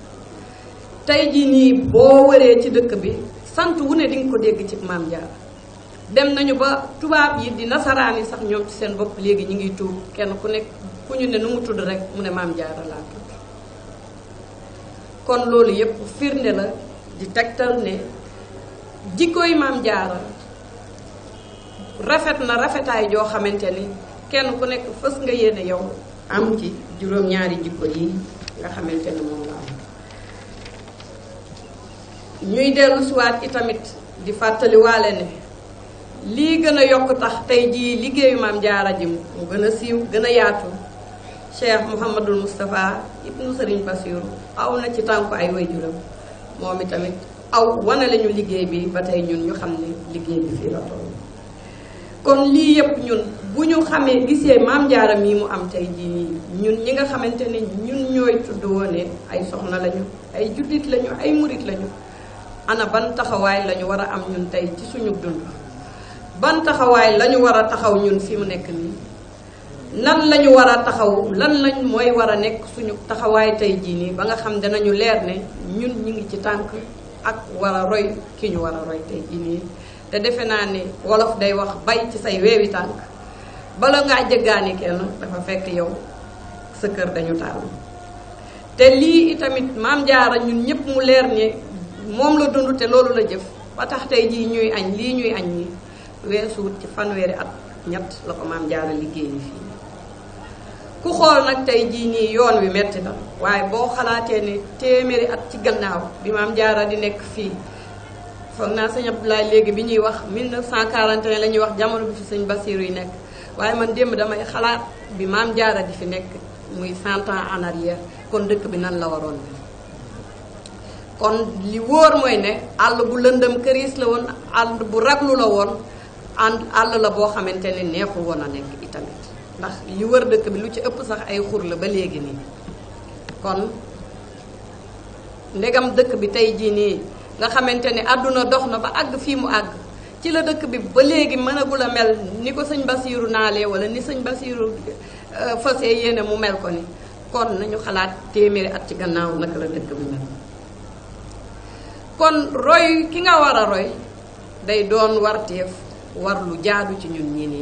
tey jii nii boo wëree ci dëkk bi sant wu ne di ko dégg ci Maam Jaara dem nañu ba tubaab yi di nasaraan yi sax ñoom ci seen bopp léegi ñu ngi tuub kenn ku nekk ku ñu ne nu tudd rek mu ne Maam Jaara laa tudd kon loolu yépp firnde la di tegtal ne jikkooy maam jaara rafet na rafetaay joo xamante ni kenn ku nekk fës nga yéene yow am ci juróom-ñaari jikko yi nga xamante ni moom la am ñuy dellu siwaat itamit di fàttaliwaale ne lii gën a yokk tax tey jii liggéeyu maam jaara ji mu gën a siiw gën a yaatu cheikh mouhamadul moustapha ibnu sëriñ basiru aw na ci tànku ay waajuram moom itamit aw wane lañu liggéey bi ba tey ñun ñu xam ne liggéey bi fii la toll kon lii yëpp ñun bu ñu xamee gisee maam jaaram yi mu am tey jii nii ñun ñi nga xamante ne ñun ñooy tudd woone ay soxna lañu ay jullit lañu ay murit lañu ana ban taxawaay lañu war a am ñun tey ci suñu dund ban taxawaay lañu war a taxaw ñun fi mu nekk nii lan lañu war a taxaw lan lañ mooy war a nekk suñu taxawaay tey jii nii ba nga xam danañu leer ne ñun ñu ngi ci tànk ak wala roy ki ñu war a roy tey jii te defe naa ne wolof day wax bay ci say weewi tànk bala ngaa jëggaani kenn dafa fekk yow sa kër dañu tànn te lii itamit maam jaara ñun ñëpp mu leer ne moom la dund te loolu la jëf ba tax tey jii ñuy añ lii ñuy añ nii weesuut ci fanweeri at ñett la ko maam jaara liggéeyi fii ku xool nag tey jii nii yoon wi metti na waaye boo xalaatee ne téeméeri at ci gannaaw bi maam jaara di nekk fii foog naa sëñ Abdoulaye léegi bi ñuy wax 1941 la ñuy wax jamono bi fi sëñ Basiiru yi nekk waaye man démb damay xalaat bi maam jaara di fi nekk muy 100 ans en kon dëkk bi nan la waroon bi kon li wóor mooy ne àll bu lëndëm këriis la woon àll bu raglu la woon ànd àll la boo xamante ne neexul woon a nekk itamit ndax yu wër dëkk bi lu ci ëpp sax ay xur la ba léegi nii kon ndegam dëkk bi tey jii nii nga xamante ni àdduna dox na ba àgg fii mu àgg ci la dëkk bi ba léegi mënagul a mel ni ko sëñ Basiiru naalee wala ni sëñ Basiiru euh, fase yéene mu mel ko ni kon nañu xalaat téeméeri at ci gannaaw naka la dëkk bi mel kon roy ki nga war a roy day doon warteef war lu jaadu ci ñun ñii nii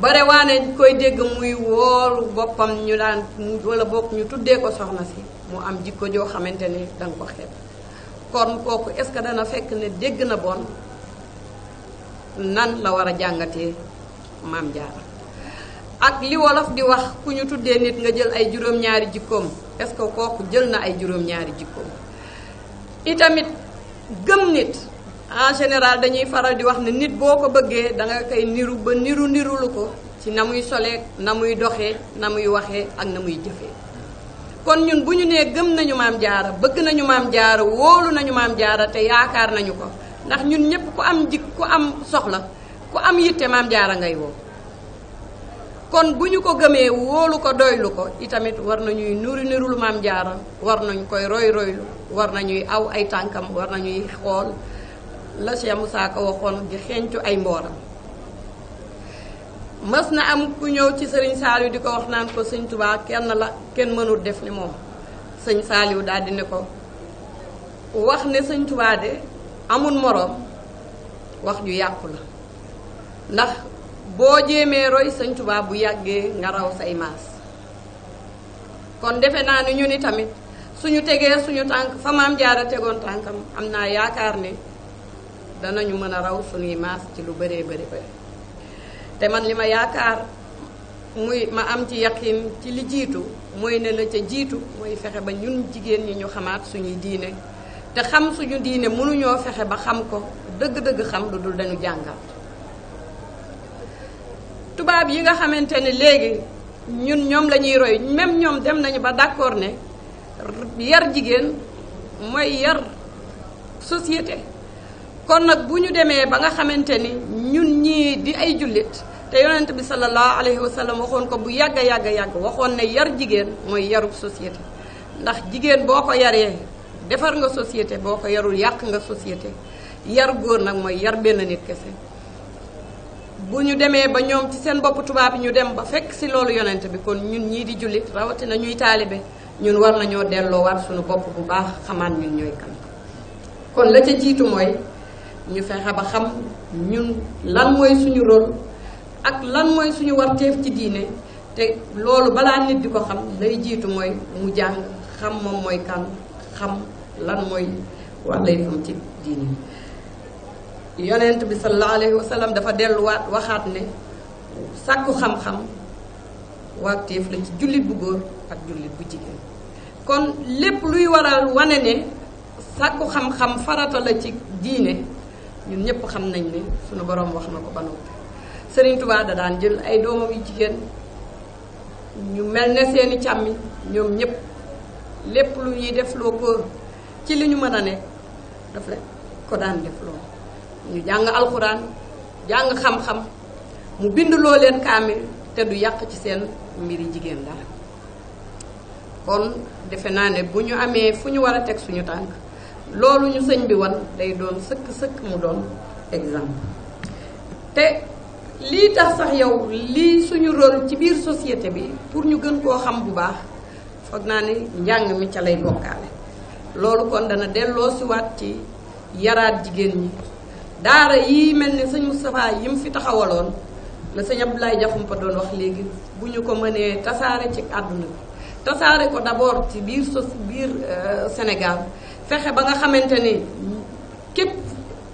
bare waa ne koy dégg muy woolu boppam ñu daan wala bokk ñu tuddee ko soxna si mu am jikko joo xamante ni danga ko xeeb kon kooku est-ce que dana fekk ne dégg na bon nan la war a jàngatee maam jaara ak li wolof di wax ku ñu tuddee nit nga jël ay juróom-ñaari jikkoom est-ce que kooku jël na ay juróom-ñaari jikkoom itamit gëm nit en général dañuy faral di wax ne nit boo ko bëggee da nga koy niru ba niru nirulu ko ci na muy solee na muy doxee na muy waxee ak na muy jëfee kon ñun bu ñu nee gëm nañu maam jaara bëgg nañu maam jaara woolu nañu maam jaara te yaakaar nañu ko ndax ñun ñëpp ku am jig ku am soxla ku am yitte maam jaara ngay woo kon bu ñu ko gëmee woolu ko doylu ko itamit war nañuy nuru nirulu maam jaara war nañ koy roy roylu war nañuy aw ay tànkam war nañuy xool la Cheikh Moussa Ka waxoon di xeeñtu ay mbooram mës na am ku ñëw ci sëriñ Saaliw di ko wax naan ko sëñ Tuubaa kenn la kenn mënul def ni moom sëñ Saaliw daal di ne ko wax ne sëñ Tuubaa de amul moroom wax ju yàqu la ndax boo jéemee roy sëñ Tuubaa bu yàggee nga raw say maas kon defe naa ni ñu ni tamit suñu tegee suñu tànk fa maam jaara tegoon tànkam am naa yaakaar ne danañu mën a raw suñuy maas ci lu bëree bëri bëri te man li ma yaakaar muy ma am ci yaqin ci li jiitu mooy ne la ca jiitu mooy fexe ba ñun jigéen ñi ñu xamaat suñuy diine te xam suñu diine mënuñoo fexe ba xam ko dëgg-dëgg xam lu dul dañu jàngal tubaab yi nga xamante ne léegi ñun ñoom la ñuy roy même ñoom dem nañu ba d'accord ne yar jigéen mooy yar société kon nag bu ñu demee ba nga xamante ni ñun ñii di ay jullit te yonent bi sallallahu alayhi wa waxoon ko bu yàgg a yàgg a waxoon ne yar jigéen mooy yarub société ndax jigéen boo ko yaree defar nga société boo ko yarul yàq nga societé yar góor nag mooy yar benn nit kese bu ñu demee ba ñoom ci seen bopp tubaab yi ñu dem ba fekk si loolu yonent bi kon ñun ñii di jullit rawatina ñuy taalibe ñun war nañoo delloo war suñu bopp bu baax xamaan ñun ñooy la ca jiitu mooy ñu fexe ba xam ñun lan mooy suñu rôle ak lan mooy suñu warteef ci diine te loolu balaa nit di ko xam lay jiitu mooy mu jàng xam moom mooy kan xam lan mooy warteefam ci diine yonent bi sallallahu alayhi wa dafa delluwaat waxaat ne sàkku xam-xam warteef la ci jullit bu góor ak jullit bu jigéen kon lépp luy waral wane ne sàkku xam-xam farata la ci diine ñun ñëpp xam nañ ni suñu borom wax na ko ba noppi Serigne Touba da daan jël ay doomam yu jigéen ñu mel ne seeni càmmi ñoom ñëpp lépp lu ñuy def loo ko ci li ñu mën a ne daf ko daan def loo ñu jàng alxuraan jàng xam-xam mu bind loo leen kaamil te du yàq ci seen mbiri jigéen dara kon defe naa ne bu ñu amee fu ñu war a teg suñu tànk loolu ñu sëñ bi wan day doon sëkk sëkk mu doon exemple te lii tax sax yow lii suñu rôle ci biir société bi pour ñu gën koo xam bu baax foog naa ni njàng mi ca lay bokkaale loolu kon dana delloo siwaat ci yaraat jigéen ñi daara yi mel ni sëñ Moustapha yi mu fi taxawaloon la sëñ Abdoulaye Diakhoumpa doon wax léegi bu ñu ko mënee tasaare ci àdduna bi tasaare ko d'abord ci biir sos biir euh, Sénégal fexe ba nga xamante ni képp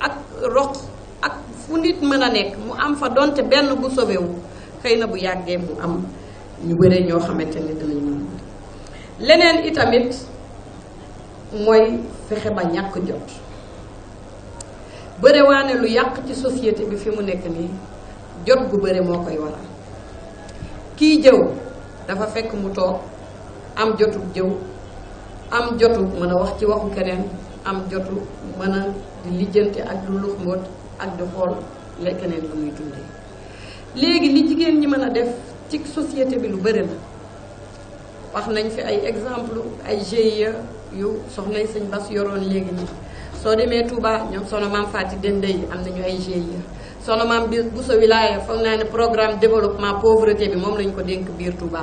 ak roq ak fu nit mën a nekk mu am fa donte benn bu sauvé xëy na bu yàggee mu am ñu bare ñoo xamante ni dinañ mën leneen itamit mooy fexe ba ñàkk jot bëre ne lu yàq ci société bi fi mu nekk nii jot gu bëre moo koy waral kii jëw dafa fekk mu toog am jotu jëw am jotu mën a wax ci waxu keneen am jotu mën a di lijjante ak lu lux mbóot ak di xool la keneen la muy dundee léegi li jigéen ñi mën a def ci société bi lu bëri la wax nañ fi ay exemple ay GIE yu soxnay sëñ Bas yoroon léegi ñi soo demee Touba ñoom sono maam Fati Dende yi am nañu ay GIE sono maam bi bu sa wilaaya foog naa ne programme développement pauvreté bi moom lañ ko dénk biir Touba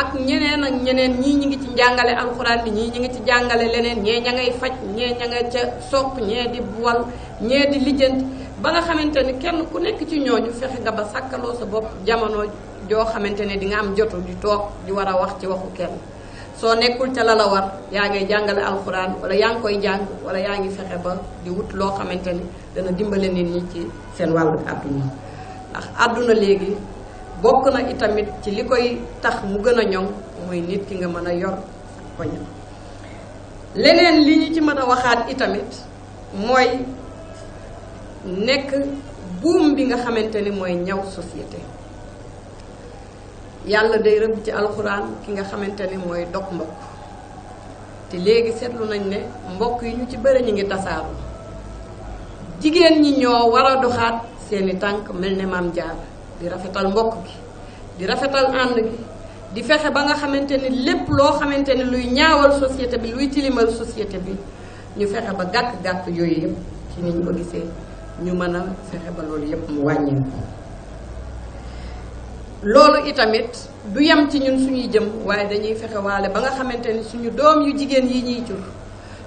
ak ñeneen ak ñeneen ñii ñi ngi ci jàngale alxuraan bi ñii ñi ngi ci jàngale leneen ñee ña ngay faj ñee ña nga ca sopp ñee di wal ñee di lijjanti ba nga xamante ni kenn ku nekk ci ñoo ñooñu fexe nga ba sàkkaloo sa bopp jamono joo xamante ne di nga am jotu di toog di war a wax ci waxu kenn soo nekkul ca la la war yaa ngay jàngale alxuraan wala yaa ngi koy jàng wala yaa ngi fexe ba di wut loo xamante ni dana dimbale nit ñi ci seen wàllu àdduna ndax àdduna léegi bokk na itamit ci li koy tax mu gën a ñoŋ mooy nit ki nga mën a yor ak poñam leneen li ñu ci mën a waxaat itamit mooy nekk buum bi nga xamante ni mooy ñaw société yàlla day rëbb ci alxuraan ki nga xamante ni mooy dog mbokk te léegi seetlu nañ ne mbokk yi ñu ci bëri ñu ngi tasaaru jigéen ñi ñoo war a doxaat seeni tànk mel ne maam jaar di rafetal mbokk gi di rafetal ànd gi di fexe ba nga xamante ni lépp loo xamante ni luy ñaawal société bi luy tilimal société bi ñu fexe ba gàkk-gàkk yooyu yëpp ci ni ñu ko gisee ñu mën a fexe ba loolu yëpp mu wàññeeku. loolu itamit du yem ci ñun suñuy jëm waaye dañuy fexe ba nga xamante ni suñu doom yu jigéen yi ñuy jur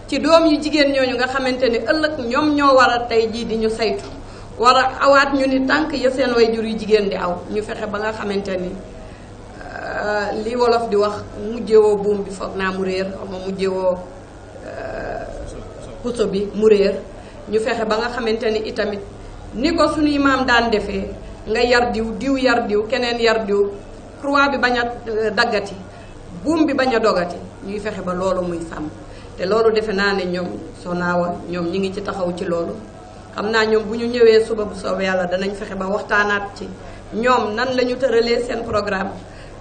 ci doom yu jigéen ñooñu nga xamante ni ëllëg ñoom ñoo war a tey jii di ñu saytu. war a awaat ñu ni tànk ya seen way jur yu jigéen di aw ñu fexe ba nga xamante ni euh, li wolof di wax mujjewoo buum bi foog naa mu réer xam nga mujjewoo puso euh, bi mu réer ñu fexe ba nga xamante ni itamit ni ko suñuy maam daan defee nga yar diw diw yar diw keneen yar diw croix bi bañ a euh, daggati buum bi bañ a dogati ñuy fexe ba loolu muy sàmm te loolu defe naa ne ñoom sonaawa ñoom ñi ngi ci taxaw ci loolu xam naa ñoom bu ñu ñëwee suba bu soobee yàlla danañ fexe ba waxtaanaat ci ñoom nan la ñu tëralee seen programme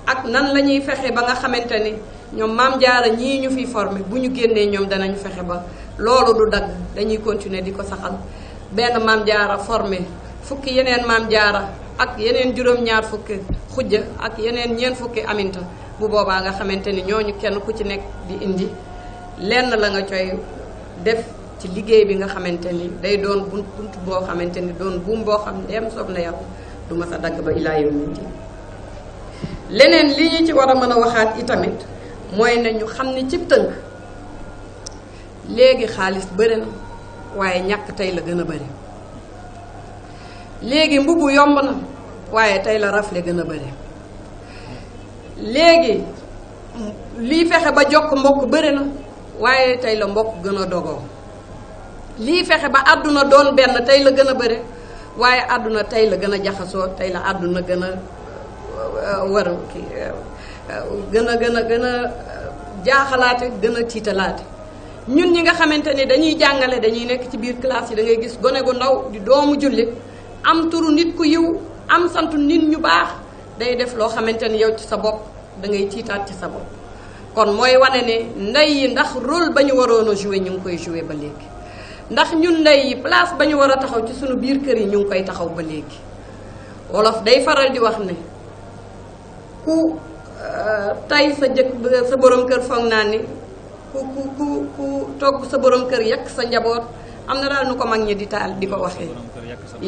ak nan la ñuy fexe ba nga xamante ni ñoom maam jaara ñii ñu fi formé bu ñu génnee ñoom danañ fexe ba loolu du dagg dañuy continuer di ko saxal benn maam jaara formé fukki yeneen maam jaara ak yeneen juróom-ñaar fukki xujja ak yeneen ñeent fukki aminta bu boobaa nga xamante ni ñooñu kenn ku ci nekk di indi lenn la nga coy def ci liggéey bi nga xamante ni day doon bunt boo xamante ni doon buum boo xam ndeem soob na yàlla du ma sa dagg ba ilaa yow mii leneen li ñu ci war a mën a waxaat itamit mooy na ñu xam ne ci tënk léegi xaalis bëri na waaye ñàkk tey la gën a bëri léegi mbubu yomb na waaye tey la rafle gën a bëri léegi liy fexe ba jokk mbokk bëri na waaye tey la mbokk gën a dogoo lii fexe ba àdduna doon benn tey la gën a bëre waaye àdduna tey la gën a jaxasoo tey la àdduna gën a euh, war kii euh, gën a gën a gën a jaaxalaate gën a tiitalaate ñun ñi nga xamante ni dañuy jàngale dañuy nekk ci biir classe yi da ngay gis gone gu ndaw di doomu jullit am turu nit ku yiw am sant nit ñu baax day def loo xamante ni yow ci sa bopp dangay ngay tiitaat ci sa bopp kon mooy wane ne ndey yi ndax rôle ba ñu waroon a ñu ngi koy joué ba léegi ndax ñu ndey place ba ñu war a taxaw ci suñu biir kër yi ñu ngi koy taxaw ba léegi wolof day faral di wax ne ku euh, tay sa jëkk sa boroom kër foog naa ni ku ku ku togg sa boroom kër yàq sa njaboot am na daal nu ko mag ñi di taal di ko waxee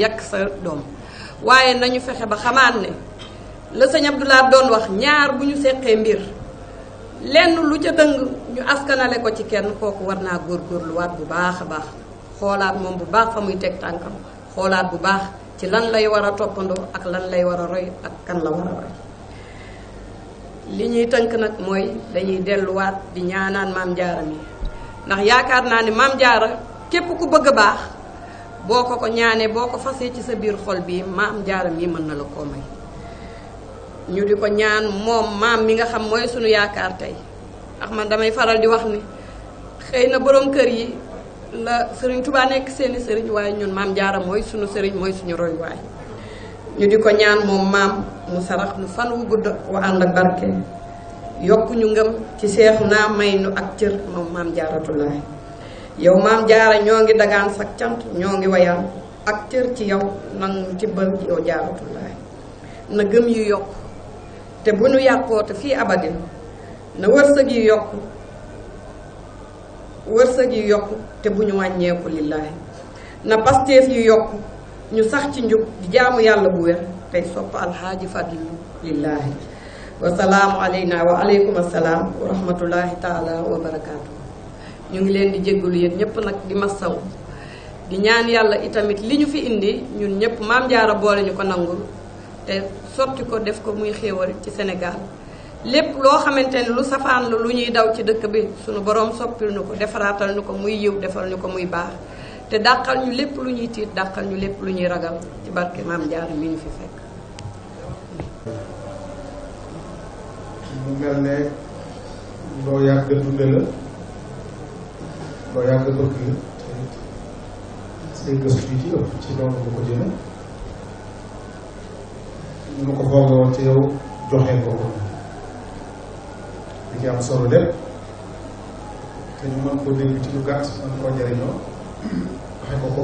yàq sa doom waaye nañu fexe ba xamaat ne la sëñ Abdoulaye doon wax ñaar bu ñu seqee mbir lenn lu ca dëng ñu askanale ko ci kenn kooku war naa góorgóorluwaat bu baax a baax xoolaat moom bu baax fa muy teg tànkam xoolaat bu baax ci lan lay war a toppandoo ak lan lay war a roy ak kan la war roy li ñuy tënk nag mooy dañuy delluwaat di ñaanaan maam jaara mi ndax yaakaar naa ni maam jaara képp ku bëgg a baax boo ko ko ñaanee boo ko fasee ci sa biir xol bii maam jaara mi mën na la koo may ñu di ko ñaan moom maam mi nga xam mooy sunu yaakaar tey ndax man damay faral di wax ni xëy na boroom kër yi la sëriñ Touba nekk seeni sëriñ waaye ñun maam jaara mooy suñu sëriñ mooy suñu roy waay ñu di ko ñaan moom maam mu sarax nu fan wu gudd wa ànd ak barke yokk ñu ngëm ci seexu naa may nu ak cër moom maam jaaratulaay yow maam jaara ñoo ngi dagaan sak cant ñoo ngi wayal ak cër ci yow nan ci bër yow jaaratulaay na gëm yu yokk te bu nu yàqoo te fii abadin na wërsëg yu yokk wërsëg yu yokk te bu ñu wàññeeku lillaahi na pasteef yu yokk ñu sax ci njub di jaamu yàlla bu wér tey sopp alxaaji fadlu lillaahi wasalaamu aleyna wa aleykum asalaam wa rahmatullahi taala ñu ngi leen di jéggalu yéen ñépp nag di massaw di ñaan yàlla itamit li ñu fi indi ñun ñépp maam jaara boole ñu ko nangul te sotti ko def ko muy xéewal ci Sénégal lépp loo xamante ne lu safaan la lu ñuy daw ci dëkk bi sunu boroom soppil ñu ko defaraatal ñu ko muy yiw defal ni ko muy baax te dàqal ñu lépp lu ñuy tiit dàqal ñu lépp lu ñuy ragal ci barke maam Jaara mi ñu fi fekk. mu mel ne loo yàgg dunde la loo yàgg bëgg la te say ko jëlee ci yow joxe ko. li ci am solo lépp te ñu mën ko dégg ci lu gàtt mën koo jëriñoo waxe ko ko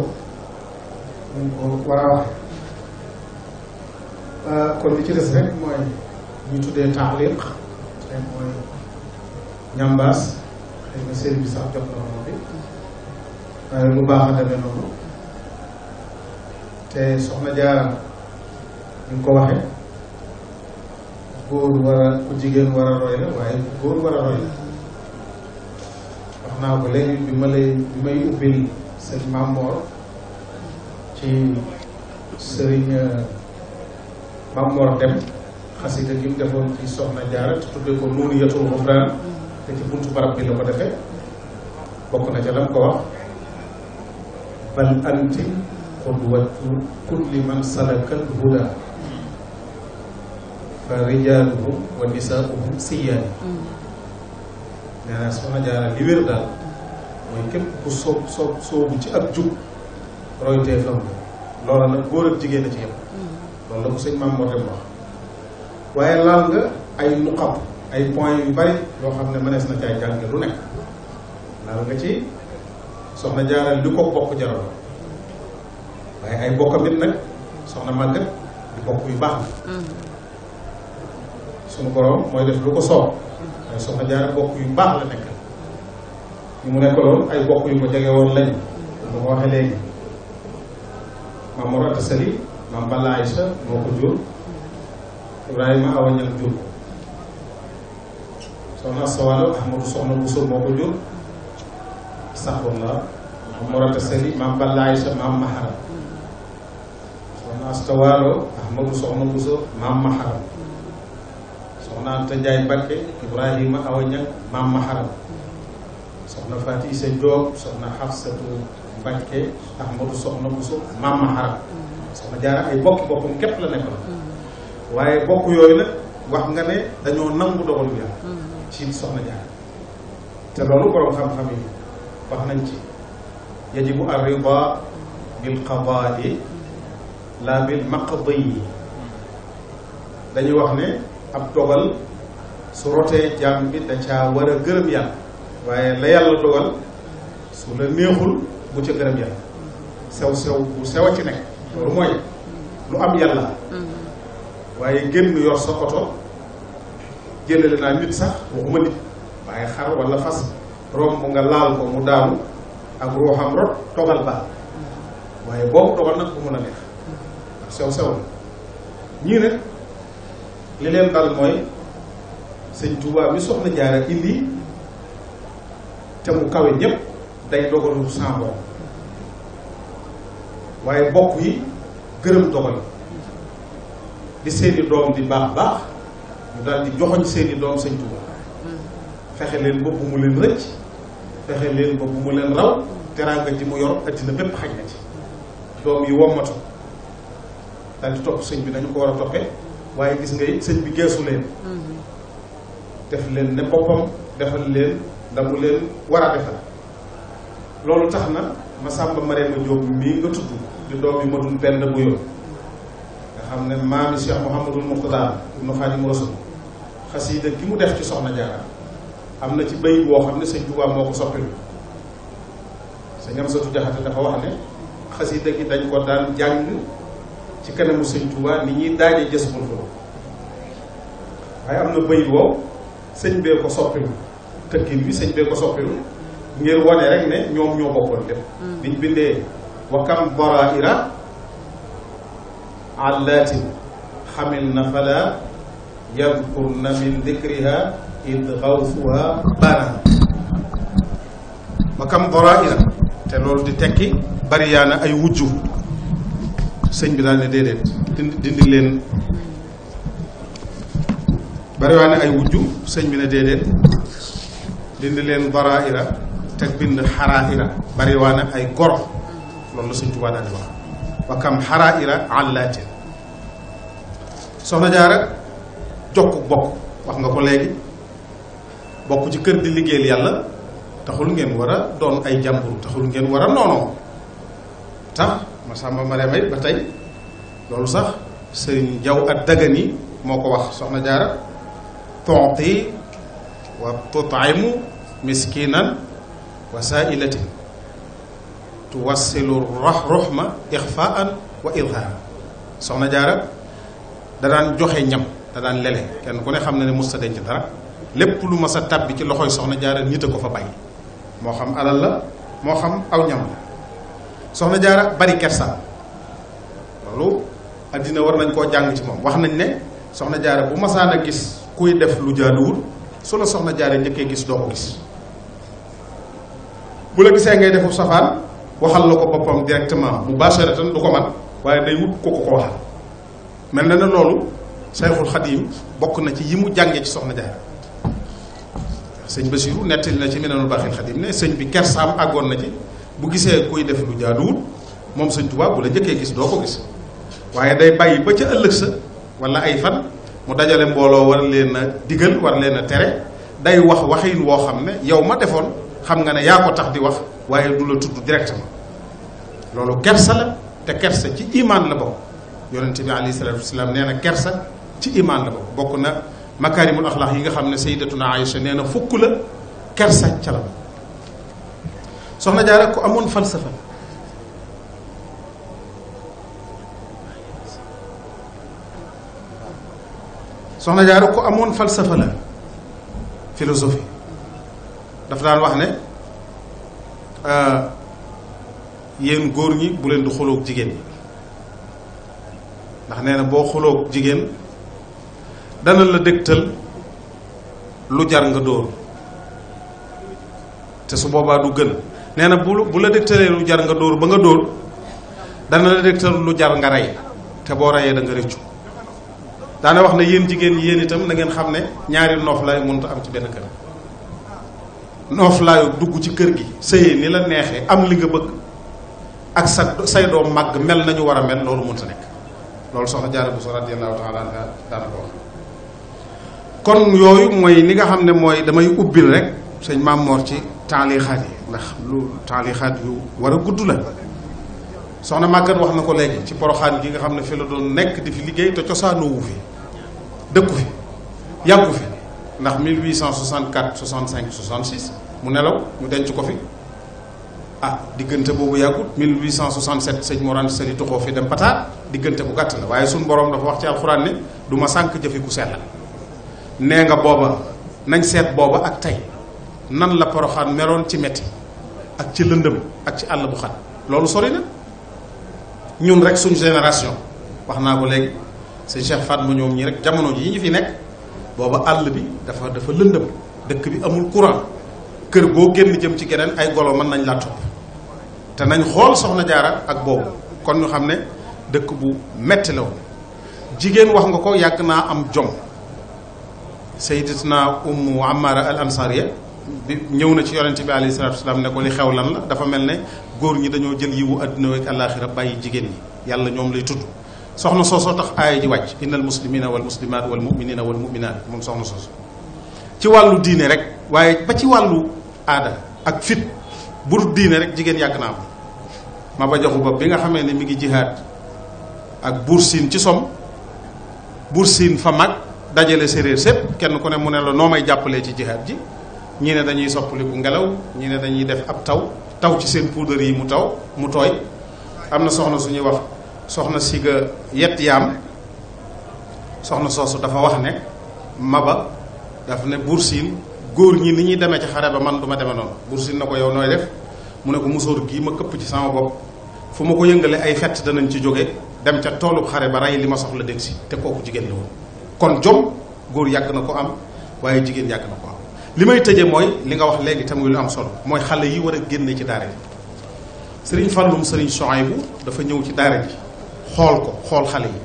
mën ko war a waxe euh, kon li ci rek mooy ñu tuddee taaliq te mooy ñambaas xëy na sëriñ bi sax jox na moom bi euh, lu baax a demee noonu te soxna jaar ñu ko waxe góor war a ku jigéen war a roy waaye góor war a roy wax naa ko léegi bi ma lay bi may ubbil sëñ Mamor ci sëriñ euh, Mamor dem xasida gi defoon ci Soxna Jaara te tuddee ko noonu yetul moom te ci buntu barab bi la ko defee bokk na ca lam ko wax bal anti qudwatu kulli man salakal huda fa rijaaluhum wa nisaauhum siyaan mm. nee naa soxna Jaara li wér daal mooy képp ku soob soob soobu ci ab jub roytee fam la loola nag góor ak jigéen a ci yem mm. loolu la ko sëñ maam moo dem wax waaye laal nga ay nuqab ay point yu bari loo xam ne mënees na caay jàng lu nekk laal nga ci soxna Jaara li ko bokk jaral waaye ay bokkam it nag soxna màggat di bokk yu baax la mm. suñu borom mooy def lu ko soob mooy soxna jaara bokk yu baax la nekk ñu mu nekk loolu ay bokk yu ko jege woon la lu ma waxee léegi maam Mor Anta Sali maam Balla jur Ibrahima Awa Niang jur ko soxna Sawalo Ahmadou soxna Bousso moo ko jur soxna Anta Ndiaye Mbakke Ibrahima Awa Niang maam Maharam soxna Fati Sa Diop soxna Hafsatu Mbakke Ahmadu soxna Bousso maam Maharam soxna Jaara ay bokki boppam képp la nekkoon waaye bokk yooyu nag wax nga ne dañoo nangu dogalu yàlla ci soxna Jaara te loolu borom xam-xam yi wax nañ ci yajibu arrida bil qadaai la bil maqdi dañuy wax ne ab dogal su rotee jàmm bi da caa war a gërëm yàlla waaye la yàlla dogal su la neexul bu ca gërëm yàlla sew sew bu sew a ci nekk loolu mooy lu am yàlla waaye génn yor sa oto jëlale naa nit sax waxuma nit waaye xar wala fas romb nga laal ko mu daanu ak ruuxam rot togal baal waaye boobu dogal nag bu mën a neex sew sew ñii nag li leen dal mooy sëñ Touba mi soxna jaara indi te mu kawe ñépp day dogalu sàmboo waaye bokk yi gërëm dogal di seeni doom di baax baax ñu di joxoñ seeni doom sëñ Touba fexe leen ba bu mu leen rëcc fexe leen ba bu mu leen raw teraanga ji mu yor addina bépp xaj na ci doom yi wommatu daal di topp sëñ bi nañu ko war a toppee waaye gis nga it sëñ bi geesu leen def leen ne boppam defal leen da mu leen war a defal loolu tax na Masamba Marème Diop mii nga tudd di doom yi matul benn bu yoon nga xam ne maami Cheikh Mouhamadul Muqtada ibnu Xaadimu Rasul xasiida gi mu def ci soxna Jaara am na ci bay woo xam ne sëñ Tuubaa moo ko soppilu sëñ Amsatu Jaxate dafa wax ne xasiida gi dañ ko daan jàng ci kanamu sëñ Tuubaa ni ñuy daaje jës bul ko waaye am na bayit woow sëñ bee ko soppilu tëkkin bi sëñ bee ko soppilu ngir wane rek ne ñoom ñoo bokkoon lépp hmm. biñ bindee wa kam baraira àllaatin xamil na fala yadkur na min dikriha id xawsuha baana wa kam baraira te loolu di tekki bari na ay wujju sëñ bi daal ne déedéet dindi leen bariwaane ay wujju sëñ bi ne déedéet dindi leen baraira teg bind xaraira bariwaane ay goro loolu la sëñ Tuubaa daal di wax wa kam xaraira àllaatin soxna jaara jokk bokk wax nga ko léegi bokk ci kër di liggéeyal yàlla taxul ngeen war a doon ay jàmbur taxul ngeen war a noonoo tax Masamba Marème it ba tey loolu sax sëriñ Jaw ak Dagani moo ko wax soxna Jaara tuuti wa tut'imu miskinan wa saa'ilatan tuwassilu rahma ixfaan wa idhaar soxna Jaara da daan joxe ñam da daan lele kenn ku ne xam na ne musta denc dara lépp lu mas a tàbbi ci loxoy soxna Jaara nit a ko fa bàyyi moo xam alal la moo xam aw ñam la soxna jaara bari kersa loolu addina war nañ koo jàng ci moom wax nañ ne soxna jaara bu masaan a gis kuy def lu jaaduwul su la soxna jaara njëkkee gis doo ko gis bu la gisee ngay defu safaan waxal la ko boppam directement mubasharatan du ko man waaye day wut ko ko ko waxal mel na ne loolu Sayxul Xadiim bokk na ci yi mu jàngee ci soxna jaara sëñ Basiru nettali na ci Minanul Baaxil Xadiim ne sëñ bi kersaam àggoon na ci bu gisee kuy def lu jaaduwul moom sëñ Tuubaa bu la njëkkee gis doo ko gis waaye day bàyyi ba ca ëllëg sa wala ay fan mu dajale mbooloo war leen a digal war leen a tere day wax waxin woo xam ne yow ma defoon xam nga ne yaa ko tax di wax waaye du la tudd directement loolu kersa la te kersa ci imaan la bokk yonent bi alayhi salaatu wasalaam nee na kersa ci imaan la bokk bokk na makaarimul axlaax yi nga xam ne sayyidatuna Aïcha nee na fukk la kersa ca la soxna jaara ko amoon falsafa la soxna jaara ku amoon falsafa la philosophie dafa daan wax ne euh, yéen góor ñi bu leen di xuloog jigéen ñi ndax nee na boo xuloog jigéen dana la dégtal lu jar nga dóor te su boobaa du gën nee na bu bu la dégtalee lu jar nga dóor ba nga dóor dana la dégtal lu jar nga rey te boo reyee da nga rëccu daana wax ne yéen jigéen ñi yéen itam na ngeen xam ne ñaari noof laay mënut am ci benn kër noof dugg ci kër gi sëyee ni la neexee am li nga bëgg ak sa say doom màgg mel nañu war a mel loolu mënut a nekk loolu soxna Jaara Buso radiyallaahu taala daana ko wax kon yooyu mooy li nga xam ne mooy damay ubbil rek sëñ Maam Moor ci taalixaat yi ndax lu taalixaat yu war a gudd la soxna màggat wax na ko léegi ci poroxaan gi nga xam ne fi la doon nekk di fi liggéey te cosaanoowu fi dëpp fi yàggu fi ndax 1864 65 66 mu nelaw ñu denc ko fi ah diggante boobu yàggut 1867 sëñ Morane Sali tuxoo fi dem pataar diggante bu gàtt la waaye suñu borom dafa wax ci alxuraan ne du ma sànq jëfe ku sellal nee nga booba nañ seet booba ak tey nan la poroxaan meroon ci metti ak ci lëndëm ak ci àll bu xat loolu sori ñoom ñun rek suñu génération wax naa ko léegi sëñ Cheikh mu ñoom ñi rek jamono ji ñu fi nekk booba àll bi dafa dafa lëndëm dëkk bi amul courant kër boo génn jëm ci geneen ay golo mën nañ laa topp te nañ xool soxna jaara ak boobu kon ñu xam ne dëkk bu metti la jigéen wax nga ko yàgg naa am jom sayyidatuna ummu amara al ansariya bi ñëw na ci yonent bi alayhi salaatu wasalaam ne ko li xew lan la dafa mel ne góor ñi dañoo jël yiwu àddina ak àllaaxira bàyyi jigéen ñi yàlla ñoom lay tudd soxna soosoo tax aaya ji wàcc innal muslimina wal muslimaat wal muminina wal muminaat moom soxna sooso ci wàllu diine rek waaye ba ci wàllu aada ak fit bu dul diine rek jigéen yàgg naa ko ma ba joxu ba bi nga xamee ne mi ngi jihaad ak buur siin ci som buur siin fa mag dajale séréer sépp kenn ku ne mu ne la noo may jàppalee ci jihaad ji ñii ne dañuy soppaliku ngelaw ñii ne dañuy def ab taw taw ci seen poudre yi mu taw mu tooy am na soxna suñuy wax soxna si ga yett yaam soxna soosu dafa wax ne maba daf ne bursin góor ñi ni ñuy demee ci xare ba man du ma deme noonu bursin na ko yow nooy def mu ne ko musóor gii ma këpp ci sama bopp fu ma ko yëngale ay fett danañ ci jóge dem ca toolub xare ba rey li ma soxla dégg si te kooku jigéen la woon kon jom góor yàkk na ko am waaye jigéen yàgg ko li may tëje mooy li nga wax léegi tamit lu am solo mooy xale yi war a génne ci daara ji sëriñ Fallum sëriñ Sohaybu dafa ñëw ci daara ji xool ko xool xale yi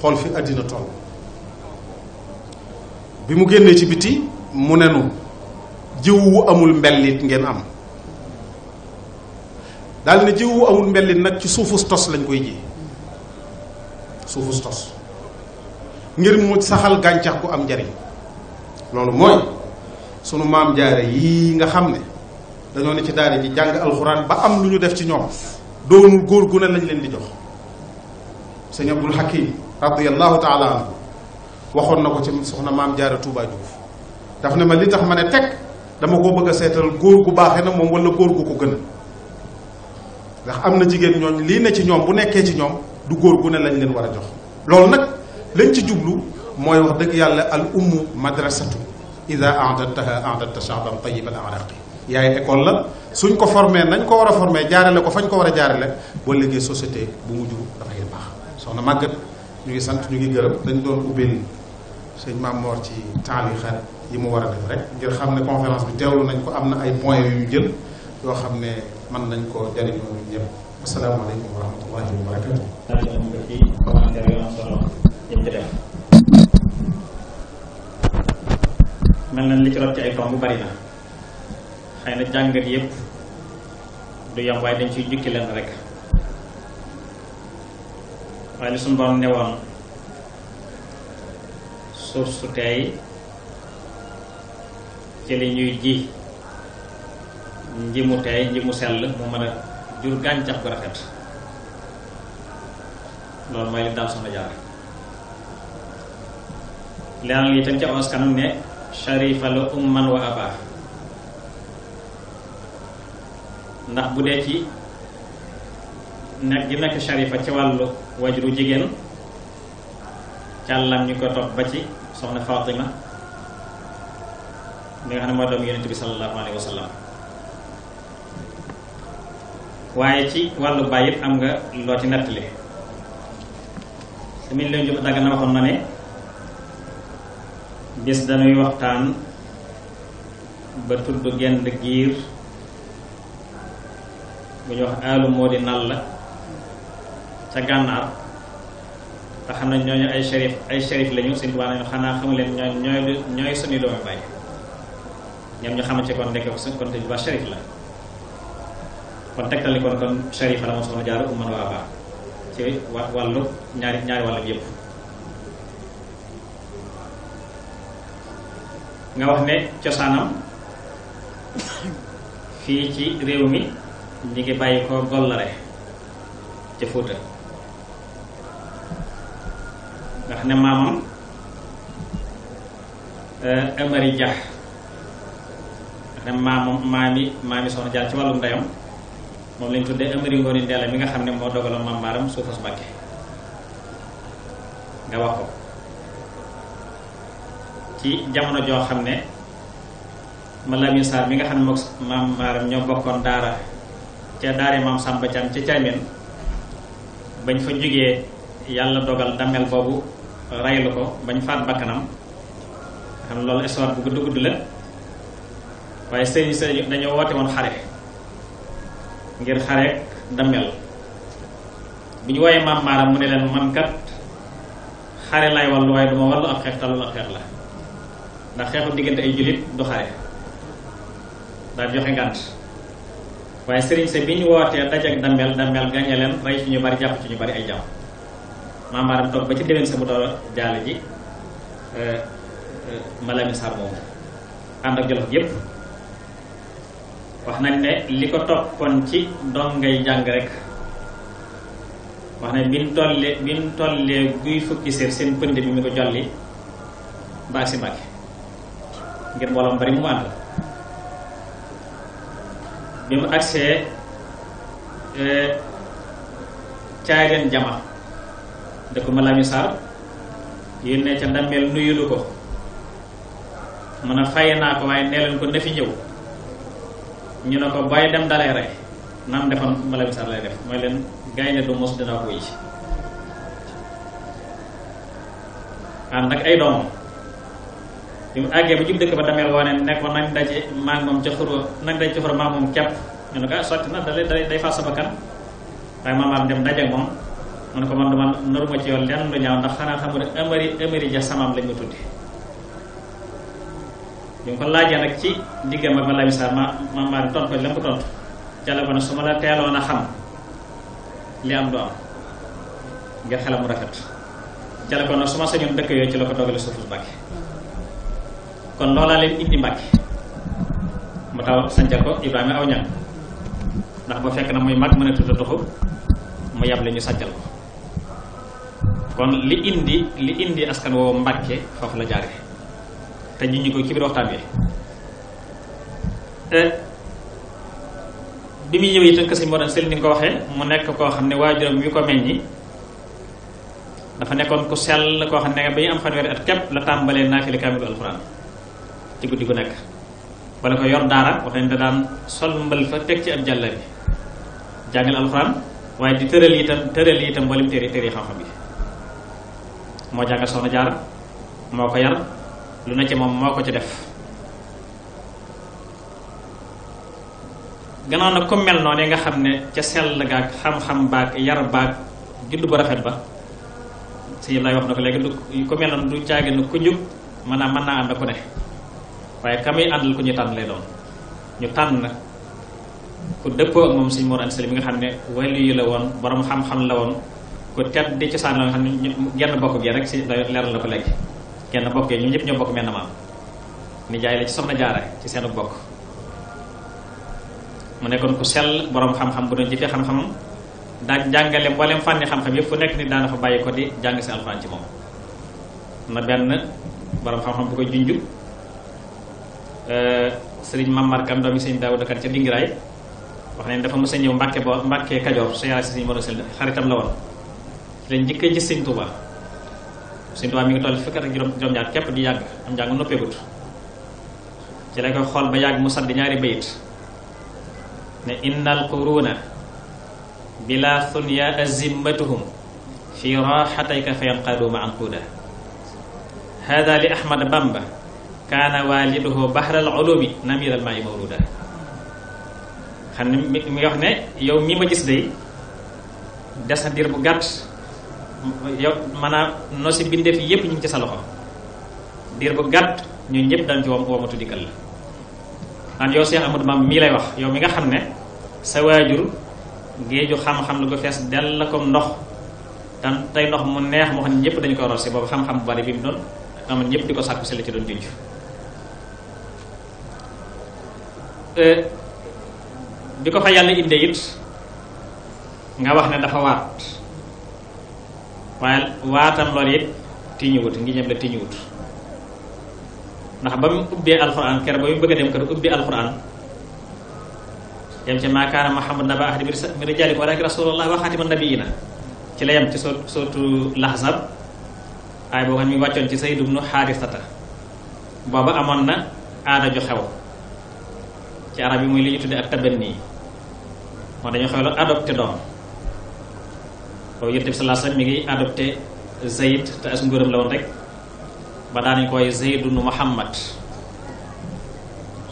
xool fi àddina toll bi mu génnee ci biti mu ne nu jiw wu amul mbellit ngeen am dal ne jiw wu amul mbellit nag ci suufus tos lañ koy ji suufus tos ngir mu saxal gàncax gu am njariñ loolu mooy sunu maam jaare yii nga xam ne dañoo ne ci daara ji jàng alxuraan ba am lu ñu def ci ñoom doonul góor gu ne lañ leen di jox sëñ Abdul Hakim radiyallahu taala anhu waxoon na ko ci soxna maam jaare Touba Diouf ne ma li tax ma ne teg dama ko bëgg góor gu baaxee na moom wala góor gu ko gën ndax am na jigéen ñooñ lii ne ci ñoom bu nekkee ci ñoom du góor gu lañ leen war a jox loolu nag lañ ci jublu mooy wax dëgg yàlla al ummu madrasatu ida ahdataha ahdatta shaaban a araqi yaay école la suñ ko formé nañ ko war a formé jaarale ko fañ ko war a jaarale boo léegi société bu mujj dafay baax soxna màgget ñu ngi sant ñu ngi gërëm dañ doon ubbil sëñ Maam ci taalixat yi mu war a def rek ngir xam ne conférence bi teewlu nañ ko am na ay points yu ñu jël yoo xam ne mën nañ ko jariñoo ñëpp asalaamaaleykum wa rahmatullahi wa barakatu mel na li ci rot ci ay tomb bari na xëy na jàngat yépp du yam waaye dañ ciy jukki leen rek waaye li suñu borom newoon suuf su teey ci ñuy ji nji mu teey nji mu sell mu mën a jur gàncax gu rafet loolu mooy li daal sama jaar leeral yi tam ci askan ne sharifa la umman wa aba ndax bu dee ci nekk gi nekk sharifa ci wàllu wajuru jigéen càllam ñu ko topp ba ci soxna Fatima mi nga xam ne moo doom yonent bi sallallahu alayhi wa waaye ci wàllu baay yëpp am nga loo ci nettali su mil leen jub dagg na waxoon na ne bis dañuy waxtaan ba tudd genn giir bu ñu wax aalu moo di nal la ca gànnaar te xam nañ ñooñu ay shérif ay shérif lañu seen xanaa xamu ñooy ñooy ñooy suñu doomi baay ñoom ñu xamante kon ndeke ko suñ kon te ba la kon tegtal kon kon shérif la moom soxna jaaru umman waa baax ci wàllu ñaari ñaari wàllu yëpp nga wax ne cosaanam fii ci réew mi ñu ngi bàyyi ko gollare ca Fuuta nga xam ne maamam eh, Amari Jax nga xam ne maamam maami maami soxna jaar ci wàllum ndeyam moom lañ tuddee Amari Ngooni Ndeela bi nga xam ne moo dogaloon maam maaram suufas Mbàkke nga wax ko ci jamono joo xam ne ma Lamin Saar mi nga xam ne mook maam maaram ñoo bokkoon daara ca daare maam Sàmba Caam ca Caamen bañ fa jógee yàlla dogal damel boobu raylu ko bañ faat bakkanam xam loolu histoire bu gudd gudd la waaye sëriñ sëriñ dañoo woote woon xare ngir xareek damel bi ñu wooyee maam maaram mu ne leen man kat xare lay wallu waaye duma wallu ab xeex talul ab xeex la ndax xeexu diggante ay jullit du xare daal joxe ngànt waaye sëriñ sa bi ñu wootee dajak dambel dambel gañe leen rey ci ñu bari jàpp ci ñu bari ay jàmm maamaaram toog ba ci déwén sa bu door jaale ji euh, euh, malami sar moomu ànd ak jolof yépp wax nañ ne li ko toppoon ci doom ngay jàng rekk wax ne bi ñu tollee bi ñu tollee guy fukki séer seen pënd bi mu ko jolli ba ak si Mbàkke ngir mbooloom bari mu ànd bi mu agsee e, caay leen jama dëkk Malami Sarr yéen ca ndàmbeel nuyulu ko mën a faye naa ko waaye nee leen ko na fi ñëw ñu ne ko bàyyi dem dalay rey naam defan Malami lay def mooy leen gaynde du mos dinaa ko yi ànd ak ay doomam bi mu àggee ba jub dëkk ba dameel woo nekk ma nañ daje maag moom ca xurwa nañ daje ca xurwa maag moom kepp ñu ne ko ah, sotti na dalay day fas sa waaye maamaam dem daje moom mu ne ko man dama noruma ci yow lenn lu ñaaw ndax xanaa xamul amari amari ja samaam lañ ma tuddi bi nag ci diggam ak ma labi la mu su ma la teeloon a xam li am du ngir xelam mu rafet jàll ko su ma sañoon dëkk yooyu ci la ko dogale suufu Mbàkke kon loola leen indi Mbàkke mu taw sancal ko Ibrahima aw ñan ndax ba fekk na muy mag mën ne tuta doxu mu yàble ñu sancal ko kon li indi li indi askan woowu Mbàkke foofu la jaare te ñu ñu ko ci waxtaan wi eh, bi muy ñëwee itam si moo doon sëriñ ni nga ko waxee mu nekk koo xam ne waajuram wi ko meññi dafa nekkoon ku sell koo xam ne ba ñu am fanweeri at képp la tàmbalee naafile kaamilu alxuraan ci guddi gu nekk wala ko yor daara wax nañ da daan sol mbal fa teg ci ab jàlla bi jàngal alxuraan waaye di tëral itam tëral itam mboolem téere téere xam-xam yi moo jàngal soxna jaara moo ko yar lu ne ci moom moo ko ci def gannaaw nag comme mel noonu nga xam ne ca sell gaag xam-xam baag yar baag juddu ba rafet ba sëñ lay wax na ko léegi ku mel noonu du caage na ku njub maanaam mën naa ànd ku ne waaye ka muy àndal ku ñu tànn lay doon ñu tànn ku dëppoo ak moom si Mor Anta Sali mi nga xam ne wàllu yi la woon borom xam-xam la woon ku tedd di cosaan la nga xam ne genn bokk gi rek si leeral la ko léegi genn bokk gi ñu ñëpp ñoo bokk menn maam ni jaay la ci soxna jaara ci seenu bokk mu nekkoon ku sell borom xam-xam bu doon jëfee xam-xamam daan jàngale mboolem fànni xam-xam yëpp fu nekk ni daana fa bàyyi ko di jàng seen alxuraan ci moom na benn borom Euh, sëriñ Mamar Kam doomi sëñ Daawuda Kan ca Dingiraay wax ne dafa mos a ñëw Mbàkke bo Mbàkke Kajoor sa yàlla si sëñ Mor Sël xaritam la woon dañ njëkk a gis sëñ Tuubaa sëñ Tuubaa mi ngi toll fukk ak juróom juróom-ñaar képp di yàgg am njàng noppeegut ci la koy xool ba yàgg mu sàdd ñaari bayit ne innal quruuna bila thunya azimmatuhum fi raxatayka fa yanqaadu ma anquuda hada li Ahmad Bamba kaana waaliduhu bahral ulumi namiral maa i mawruda xam ne mi mi wax ne yow mii ma gis day des na bu gàtt yow maanaam no si bindeef yi yépp ñu ngi ci sa bu gàtt ñun ñëpp dañ ci wom womatu dikkal la naan yow Cheikh Amadou Bamba mii lay wax yow mi nga xam ne sa waajur géeju xam-xam la ko fees del la comme ndox tan tey ndox mu neex moo xam ne ñëpp dañu ko rosi boobu xam-xam bu bari bi mu doon amoon ñëpp di ko sàkku si la ci doon junj Euh, bi ko fa yàlla indee it nga wax ne dafa waat waaye waatam loolu it tiñuwut ngi ñem la tiñuwut ndax ba mu ubbee alxuraan ker ba mu bëgg a dem kër ubbee alxuraan yam ci maakaana muhammad naba ahadi min rijaalikum walaakin rasulullah wa xaatiman nabiyyiina ci la yam ci soo sotu laxsab waaye boo xam mi wàccoon ci sayd ibnu xaarisata booba amoon na aada ju xew ci arab yi muy li ñu tuddee ak tabanni yi moo dañu xewlu adopté doom boobu yonent bi sallallahu mi ngi adopté Zayd te as ngóoram la woon rek ba daanañ koy Zayd nu Muhammad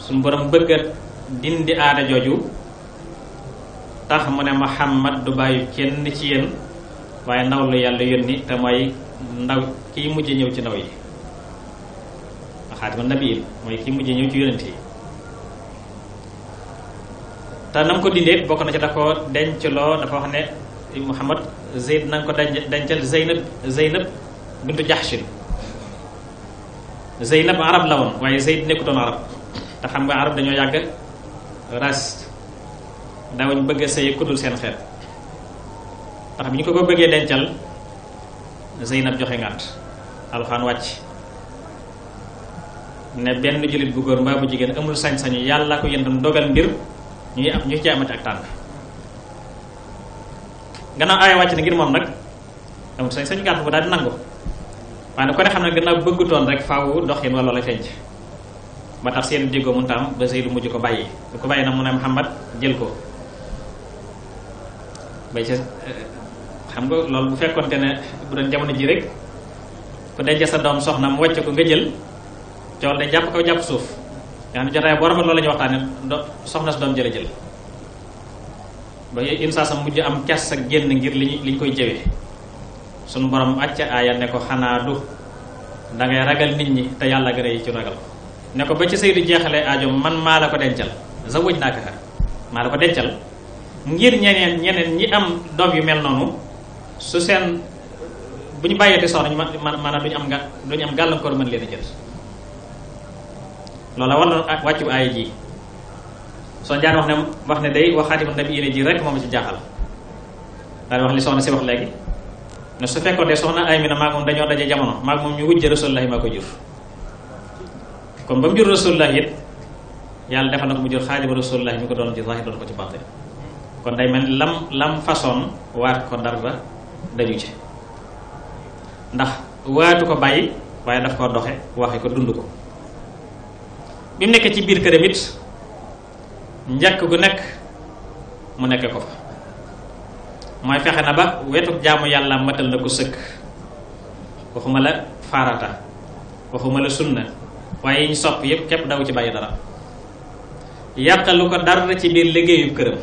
suñu borom bëgg a dindi aada jooju tax mu ne Muhammad du bàyyi kenn ci yéen waaye ndaw yàlla yónni te mooy ndaw kiy mujj ñëw ci ndaw yi xaatimu nabiyin mooy kiy mujj ñëw ci yonent te na ko dindee bokk na ci dafa ko denc loo dafa wax ne Muhammad Zayd na nga ko dencal Zeynab Zeynab bintu Jaxsin Zeynab arab la woon waaye Zayd nekkutoon arab te xam nga arab dañoo yàgg ras daawuñ bëgg a sëy ku dul seen xeet ndax bi ñu ko ko bëggee dencal Zeynab joxe ngànt alxaan wàcc ne benn jullit bu góor mbaa bu jigéen amul sañ-sañu yàlla ko yëndam dogal mbir ñu ngi am ñu ngi ci amati ak tànk gannaaw aaya wàcc na ngir moom nag amul sañ sañ gàtt bu daal di nangu waaye nag ko ne xam ne gannaaw bëggutoon rek faaw dox wala la fenc ba tax seen déggoo mun taam ba ko bàyyi ko bàyyi na mu ne Muhammad jël ko bay ca eh, nga loolu bu fekkonte ne bu doon jamono ji rek ku denc sa doom soxna mu wàcc ko nga jël cool de jàpp kaw jàpp suuf nga xam ne jotaay boo loolu la ñuy waxtaane do soxna si doon jële jël ba in saa sa mujj am kes ak génn ngir li li ñu koy jëwee suñu borom acca aaya ne ko xanaa du da ragal nit ñi te yàlla gën a ci ragal ne ko ba ci sëy di jeexalee aajo man maa la ko dencal sa wëj naa ka maa la ko dencal ngir ñeneen ñeneen ñi am doom yu mel noonu su seen bu ñu bàyyee te soxna ñu maanaam duñu am nga duñu am gàllankoor mën leen a jël loola wala wàccu aaya ji soo jaan wax ne wax ne day waxaati man nabi yéene ji rek moom ci jaaxal daal wax li soxna si wax léegi ne su fekkoon de soxna ay mi na maag moom dañoo daje jamono maag moom ñu wujje rasulullahi maa ko jur kon ba mu jur rasulullahi it yàlla defal na ko mu jur xaadima rasulullahi mi ko doon ci zahir doon ko ci baatin kon day mel lam lam façon waat ko ndar ba dañu ci ndax waatu ko bàyyi waaye daf koo doxe waxe ko dund ko bi mu nekkee ci biir këram it njëkk gu nekk mu nekk ko fa mooy fexe na ba wetu jaamu yàlla matal na ko sëkk waxuma la farata waxuma la sunna waaye yi ñu sopp yépp képp daw ci bàyyi dara yàqalu ko dara ci biir liggéeyu këram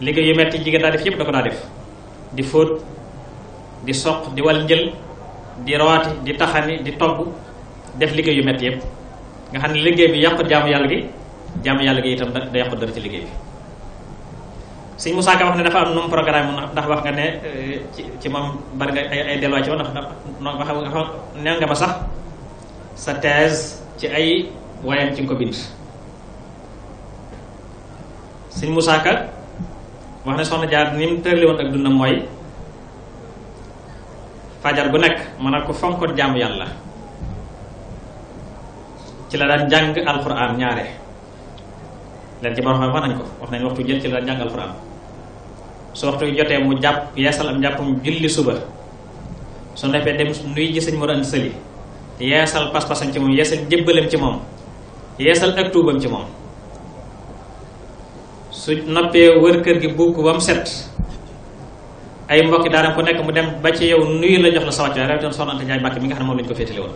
liggéey yu metti jigéen daa def yépp da ko daa def di fóot di soq di wal njël di rooti di taxani di togg def liggéey yu metti yépp nga xam ne liggéey bi yàqu jaamu yàlla gi jaamu yàlla gi itam da yàqu dara ci liggéey bi sëñ Moussa Ka wax ne ci ci moom bari nga ay ay delluwaay ci woon sax sa ci ay wayam ci nga ko bind sëñ soxna jaar ni mu tërli ak dundam mooy fajar bu nekk mën a ko fonkoon jaamu yàlla ci la daan jàng alquran ñaare leen ci borom xam wax nañ ko wax nañ waxtu jël ci la daan jàng alquran su waxtu jotee mu jàpp yeesal am jàppam julli suba su defee dem nuy ji sëñ Mor Anta Sali yeesal pas-pasam ci moom yeesal jébbalam ci moom yeesal ak tuubam ci moom su noppee wër kër gi bukk ba mu set ay mbokki daanam ku nekk mu dem ba ci yow nuyu la jox la sa wàcc waaye rawatina Soxna Anta Njaay Mbàkke xam ne moom lañu ko féetale woon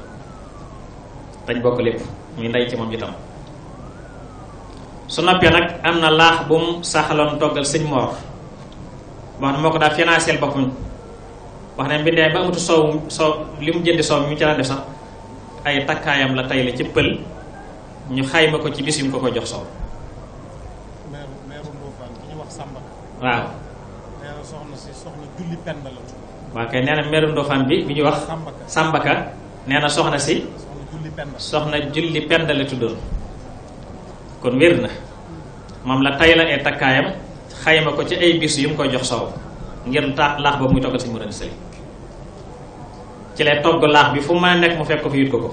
dañ bokk lépp muy ndey ci moom itam su noppee nag am na laax bu mu saxaloon toggal sëñ moor boo moo ko daa financé boppam wax ne mbindee ba amatu soow li mu jëndi soow mu ci daan def sax ay takkaayam la tay la ci pël ñu xayma ko ci bis yu ko ko jox soow waa kay nee na meeru Ndofane bi bi ñu wax sàmbaka nee na soxna si soxna julli penda la tuddoon kon wér na moom la tay la ay takkaayam xayma ko ci ay bis yu mu koy jox soow ngir taax laax boobu muy toggal si murani sëli ci lay togg laax bi fu mu mën nekk mu fekk fi yut ko ko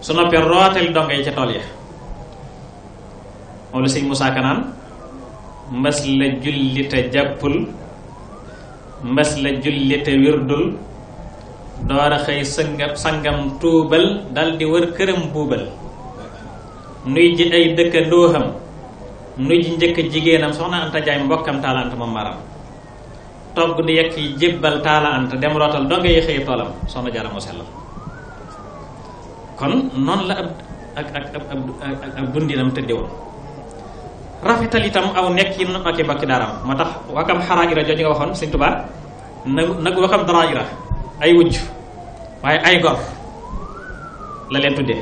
su noppee rooteel dongo yi ca tool ya moom la sëñ Moussa Kanaan mbas la julli te jàppul mbas la julli te wirdul door a xëy sangam sangam tuubal dal di wër këram buubal nuy ji ay dëkkandooxam nuy ji njëkk jigéenam soxna Anta Jaay mbokkam Talla Anta moom maram togg di yekk yi jébbal Talla dem rootal donge yi xëy toolam soxna jaramu sellal kon noonu la ab ak ak ak ab dundinam tëdde woon rafetal itam aw nekk yi nu aki bakki daram moo tax wakam xaraajira jooju nga waxoon Sëñ Tuubaa nagu nagu daraajira ay wujj waaye ay gor la leen tuddee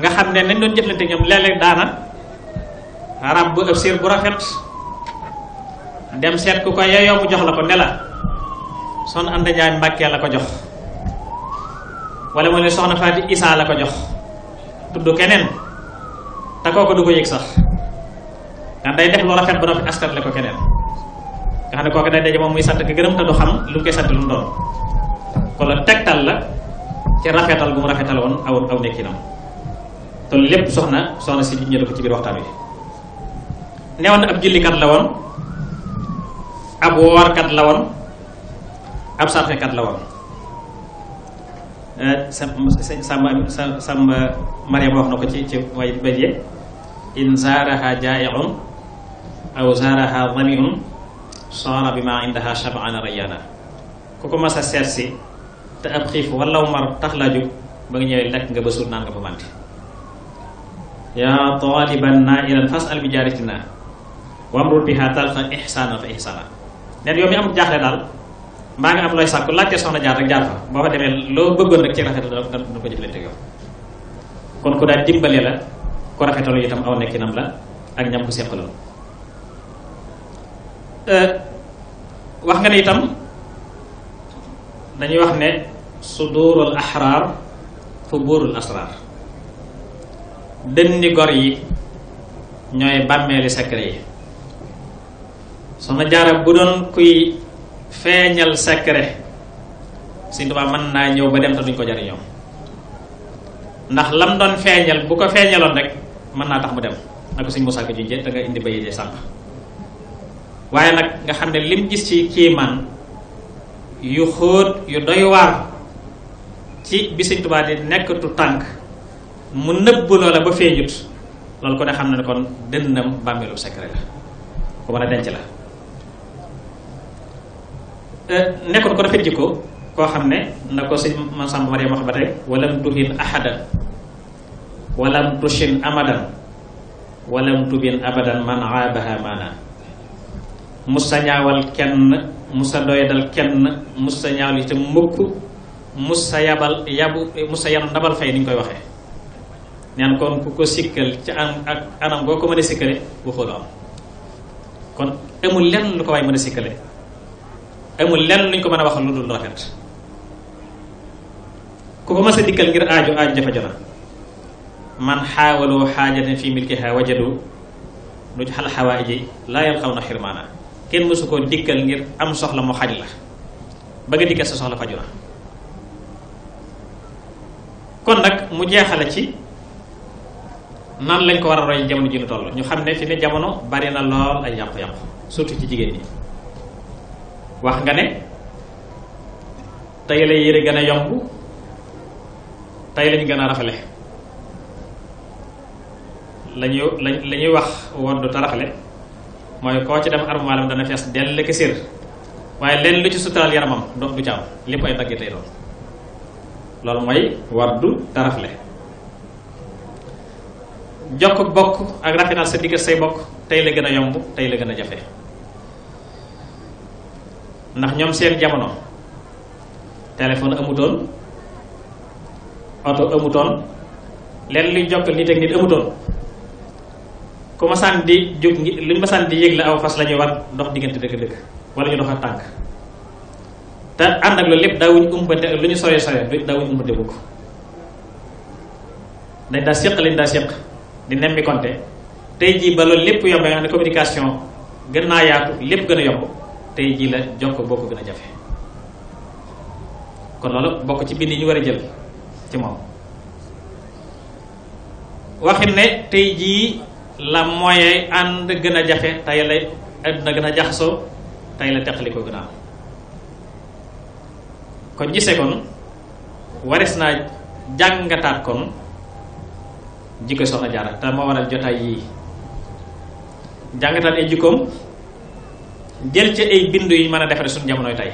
nga xam ne nañ doon jëflante ñoom léeg-léeg daana rab bu ëpp siir bu rafet dem seet ku ko yeyoo jox la ko ne la son ànd njaay mbàkkee la ko jox wala mu ne soxna Faati Isaa la ko jox tudd keneen te kooku du ko yëg sax ndax day def lu rafet bu rafet askan la ko keneen nga xam ne kooku day daje moom muy sant ka gërëm te xam lu koy sant lu mu kon la tegtal la ci rafetal gu mu rafetal woon aw aw nekkinam te lépp soxna soxna si ñëw ko ci biir waxtaan wi newoon na ab jullikat la woon ab woorkat la woon ab sarfekat la woon eh, sàmm sàmm Mariama wax na ko ci ci way bëjee in zaaraha jaa'i'un aw zaaraha dhami'un soona bi maa indaha shab'ana rayana ku ko mas a seet si te ab xiif walaw tax laa jóg ba nga ñëwee lekk nga ba suur naan nga ba màndi yaa taaliban naa ilan fas al bi jaaritina wamrul biha talqa ihsana fa ihsana neen yow am jaaxle daal mbaa nga am looy sàkku laajte soxna jaar rek jaar fa boo fa demee loo bëggoon rek ci rafet ko jëflante yow kon ku daal dimbalee la ku rafetalu itam nekkinam la ak ñam ko seqaloon Euh, wax nga ne itam dañuy wax ne sudurul fu fuburul asrar dënni gor yi ñooy bàmmeeli secret yi soxna jaara bu doon kuy feeñal secret Sëñ Tuubaa mën naa ñëw ba dem te duñ ko jariñoo ndax lam doon feeñal bu ko feeñaloon rek mën naa tax mu dem na ko mu Musaa Ka junjee da nga indi bayitee sànq waaye nag nga xam ne lim gis ci kiimaan yu xóot yu doy ci bi Sëñ Tuubaa nekkatu tànk mu nëbb loola ba feeñut loolu ko ne xam na ne kon dënnam bàmmeelu secret la ku mën a denc la euh, nekkoon ko rafet jikko koo xam ne na ko sëñ Massamba Mariam wax ba tey walam tuhin ahadan walam tushin amadan walam abadan man aabaha maana musta ñaawal kenn musta doyadal kenn musta ñaawal itam mukk musta yabal yabu musta yam ndabal fay ni ñu koy waxee neen kon ku ko sikkal ci an ak anam boo ko mën a sikkale waxuloo am kon amul lenn lu ko waay mën a sikkale amul lenn luñ ko mën a lu dul rafet ku ko mës dikkal ngir aaju aaju jafe jona man xaawaloo xaajatin fi milkiha wajadu nuj xal xawaaji laa yal xaw na xirmaana kenn mësu koo dikkal ngir am soxla mu xaj la ba nga dikkal sa soxla faju na kon nag mu jeexale ci nan lañ ko war a roy jamono ji ñu toll ñu xam ne fi ne jamono bari na lool ay yàqu-yàqu surtout ci jigéen ñi wax nga ne tey la yére gën a yomb tey lañ gën a rafale lañuy lañuy wax woon du tarafale mooy koo ci dem armaalam dana fees dell ki waaye leen lu ci suturaal yaramam do du ca am lépp ay daggit doon loolu mooy wardu tarafle jokk bokk ak rafetal sa digg say bokk tey la gën a yomb tey la gën a jafe ndax ñoom seen jamono téléphone amutoon oto amutoon leen luy jokk nit ak nit amutoon ku ma sànni di jóg ngi lu ñu ma sànni di yëg la aw fas la ñuy war dox diggante dëkk-dëkk wala a tànk te ànd ak lépp daawuñu umpante lu ñu sore sore lépp daawuñu umpante bukk lañ daa séq di tey jii ba loolu lépp yomb nga communication gën naa yaatu lépp gën a yomb tey jii la jokk boo ko gën a jafe kon loolu bokk ci bind yi ñu war a jël ci moom waxin ne tey jii la mooyee ànd gën a jafe tey la àdduna gën a jaxasoo tey la teqali ko gën a am kon gisee kon waris naa jàngataat kon jikko soxna Jaara te moo waral jotaay yii jàngataat ay jikkoom jël ci ay bindu yu mën a defare suñu jamonoy tey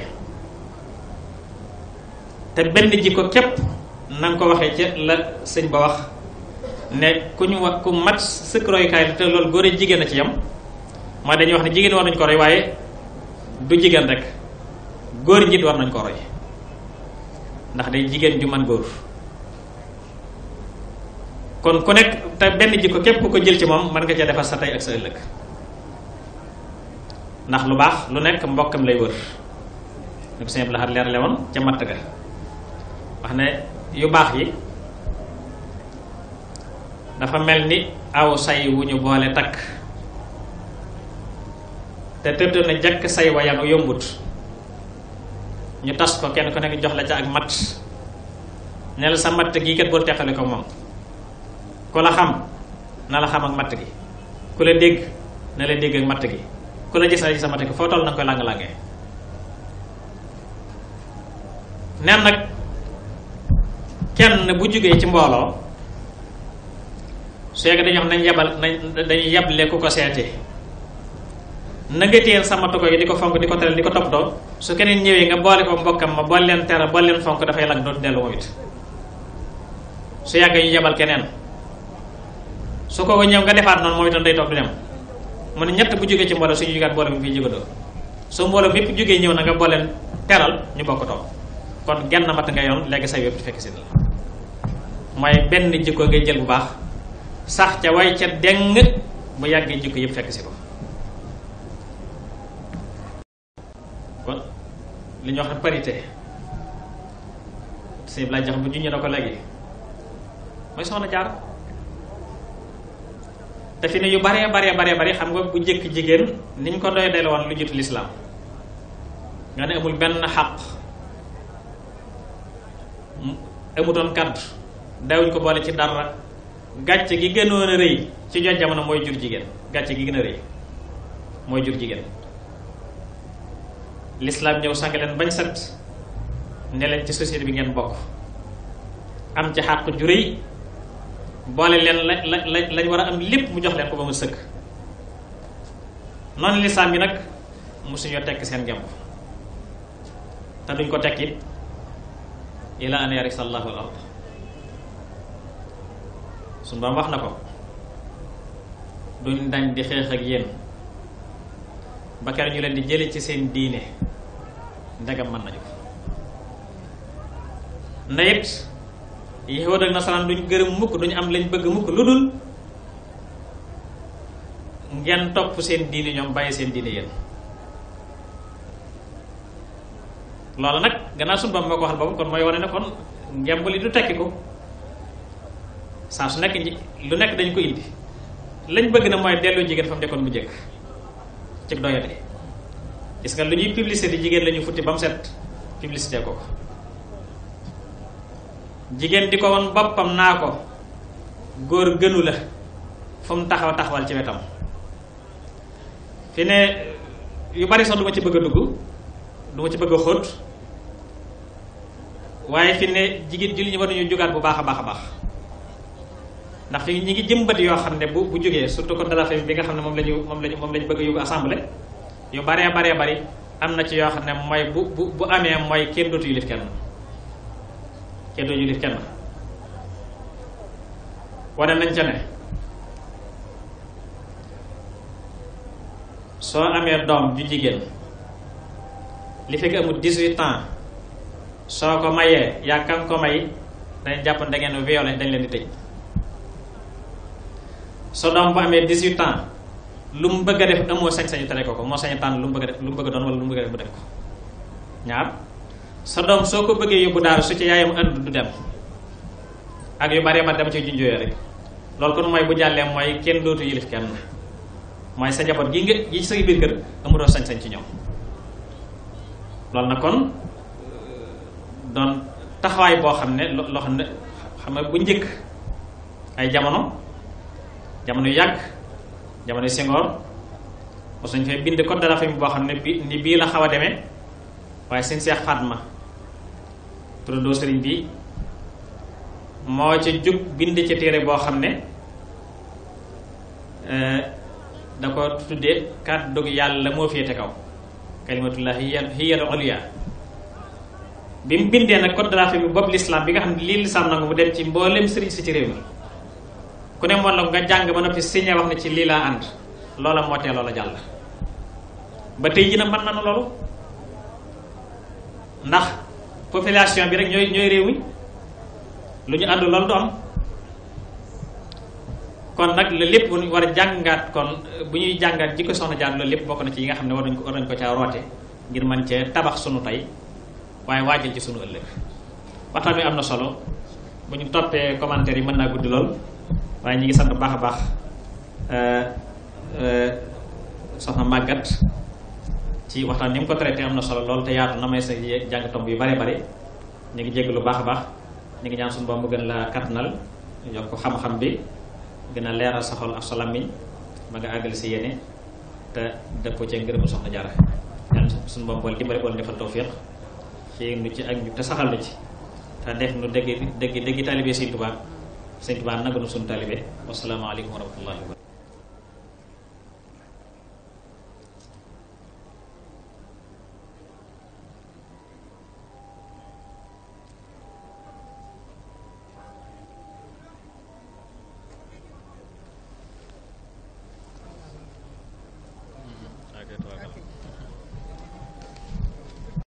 te benn jikko képp na ko waxee ca la sëñ ba wax ne ku ñu wax ku mat sëkk royukaay te loolu góor jigéen a ci yam mooy dañuy wax ne jigéen war nañ ko roy waaye du jigéen rek góor njiit war nañu ko ndax day jigéen ju man góor kon ku nekk te benn jikko képp ku ko jël ci moom mën nga ca defar sa tey ak sa ëllëg ndax lu baax lu nekk mbokkam lay wër ne bu seen leer lewoon ca matt ga wax ne yu baax yi dafa mel ni aw say wu ñu boole takk te tëdd na jàkk say wa yanu yombut ñu tas ko kenn ko nekk jox la ca ak matt ne la sa matt gii kat boo teqale ko moom ku la xam na la xam ak matt gi ku la dégg ne la dégg ak matt gi ku la gis na la gis ak matt gi foo toll na koy làng-làngee nen nag kenn bu jógee ci mbooloo su yegg dañuy wax nañ yebal nañ dañuy yeble ku ko seetee na nga téyeel sama tukko yi di ko fonk di ko teral di ko toppatoo su keneen ñëwee nga boole ko mbokkam ma boole leen teral boole leen fonk dafay lag dootu dellu it su yàgg ñu yebal keneen su ko ñëw nga defaat noonu moom itam day toog di dem mu ne ñett bu jógee ci mbooloo suñu jugaat mbooloo mi fiy jógadoo su mbooloo mi yëpp jógee ñëw na nga boole leen teral ñu bokk toog kon genn mat nga yoon léegi say wépp di fekk si bu baax sax ca way ca deng bu yàggee jikko yëpp fekk si ko li ñuy wax ne parité sëñ bi laa jax bu juñu na ko léegi mooy soxna jaar te fi ne yu baree baree baree bari xam nga bu njëkk jigéen ni ko doy del woon lu jiitu lislaam nga ne amul benn xaq amutoon kaddu daawuñ ko boole ci dara gàcce gi gënoon a rëy ci joj jamono mooy jur jigéen gàcce gi gën a rëy mooy jur jigéen lislaam ñëw sang leen bañ set ne leen ci société bi ngeen bokk am ci xàq ju rëy boole leen la la lañ war a am lépp mu jox leen ko ba mu sëkk noonu lislaam yi nag mosuñoo tekk seen ngemb te duñ ko tekki ila an yarisa allahu al ard suñu boroom wax na ko duñ dañ di xeex ak yéen ba keroog ñu leen di jële ci seen diine ndegam mën nañu ko nda it yahuud ak nasaraan gërëm mukk duñ am lañ bëgg mukk lu dul ngeen topp seen diine ñoom bàyyi seen diine yéen loolu nag gannaaw suñu bopp moo ko waxal boobu kon mooy wane ne kon ngembali du tekki ko saa su nekk lu nekk dañ ko indi lañ bëgg na mooy delloo jigéen fa mu nekkoon bu njëkk ci doyate gis nga lu ñuy publicité di jigéen la ñu futti ba mu set publicité ko ko jigéen di ko woon boppam naa ko góor gënu la fu mu taxaw taxawal ci wetam fi ne yu bari sax du ci bëgg a dugg du ci bëgg a xóot waaye fi ne jigéen julli ñu war nañu jógaat bu baax a baax a baax ndax fii ñi ngi jëmbat yoo xam ne bu bu jógee surtout kon de bi nga xam ne moom la ñu moom lañ bëgg a yóbbu assemblée yu baree baree bari am na ci yoo xam ne mooy bu bu bu amee mooy kenn dootu yilif kenn kenn dootu yilif kenn wane nañ ca ne soo amee doom ju jigéen li fekk amul dix-huit ans soo ko mayee yaa kan ko may dañ jàpp da ngeen violé dañ leen di tëj sa doom bu amee 18 ans lu mu bëgg a def amoo sañ-sañu tere ko ko moo sañ tànn lu mu bëgg a def lu mu bëgg a doon wala lu mu bëgg a def mu def ko ñaar sa doom soo ko bëggee yóbbu daara su ci yaayam ànd du dem ak yu baree ba dem ci junjooyee rek loolu kon mooy bu jàllee mooy kenn dootu yilif kenn mooy sa njaboot gi nga gi sa biir kër amuloo sañ-sañ ci ñoom loolu na kon doon taxawaay boo xam ne loo xam ne xam nga bu njëkk ay jamono jamono yàgg jamono Senghor parce que bind code de la famille boo xam ne bi ni bii la xaw a deme waaye sëñ Cheikh Fatma turandoo sëriñ bi moo ca jóg bind ca téere boo xam ne euh, da ko tuddee dog yàlla moo féete kaw kalimatullahi hiya hiya al-ulya bi mu bindee nag code de la famille boobu l'islam bi nga xam ne lii l'islam nangu mu dem ci mboolem sëriñ si ci réew mi ku ne moom la nga jàng ba noppi signé wax ne ci lii laa ànd loola moo tee loola jàll ba tey ji na mën loolu ndax population bi rek ñooy ñooy réew mi lu ñu àndul loolu du am kon nag la lépp ñu war a jàngaat kon bu ñuy jàngaat ji ko soxna jaan loolu lépp bokk na ci yi nga xam ne war nañ ko war nañ ko caa roote ngir mën cee tabax sunu tey waaye waajal ci sunu ëllëg waxtaan wi am na solo bu ñu toppee commentaire yi mën naa gudd lool waaye ñu ngi sant baax a baax euh, euh, soxna màggat ci waxtaan ñu mu ko traité am na solo lool te yaatu na may sa jàng tomb yu bare bare ñu ngi jégg lu baax a baax ñu ngi ñaan suñu borom mu gën la kattanal yokk xam-xam bi gën a leeral sa xol ak sa làmmiñ ba nga àggal si yéene te dëppoo cee ngërëmu soxna Jaara ñaan suñu borom boole dimbali boole defal tawfiq ci nu ci ak ñu te saxal na ci te def nu dégg dégg dégg taalibe Sëriñ Tuubaa sëñ Tuubaa naganu sunu taalibe wasalaamaaleykum wa rahmatullahi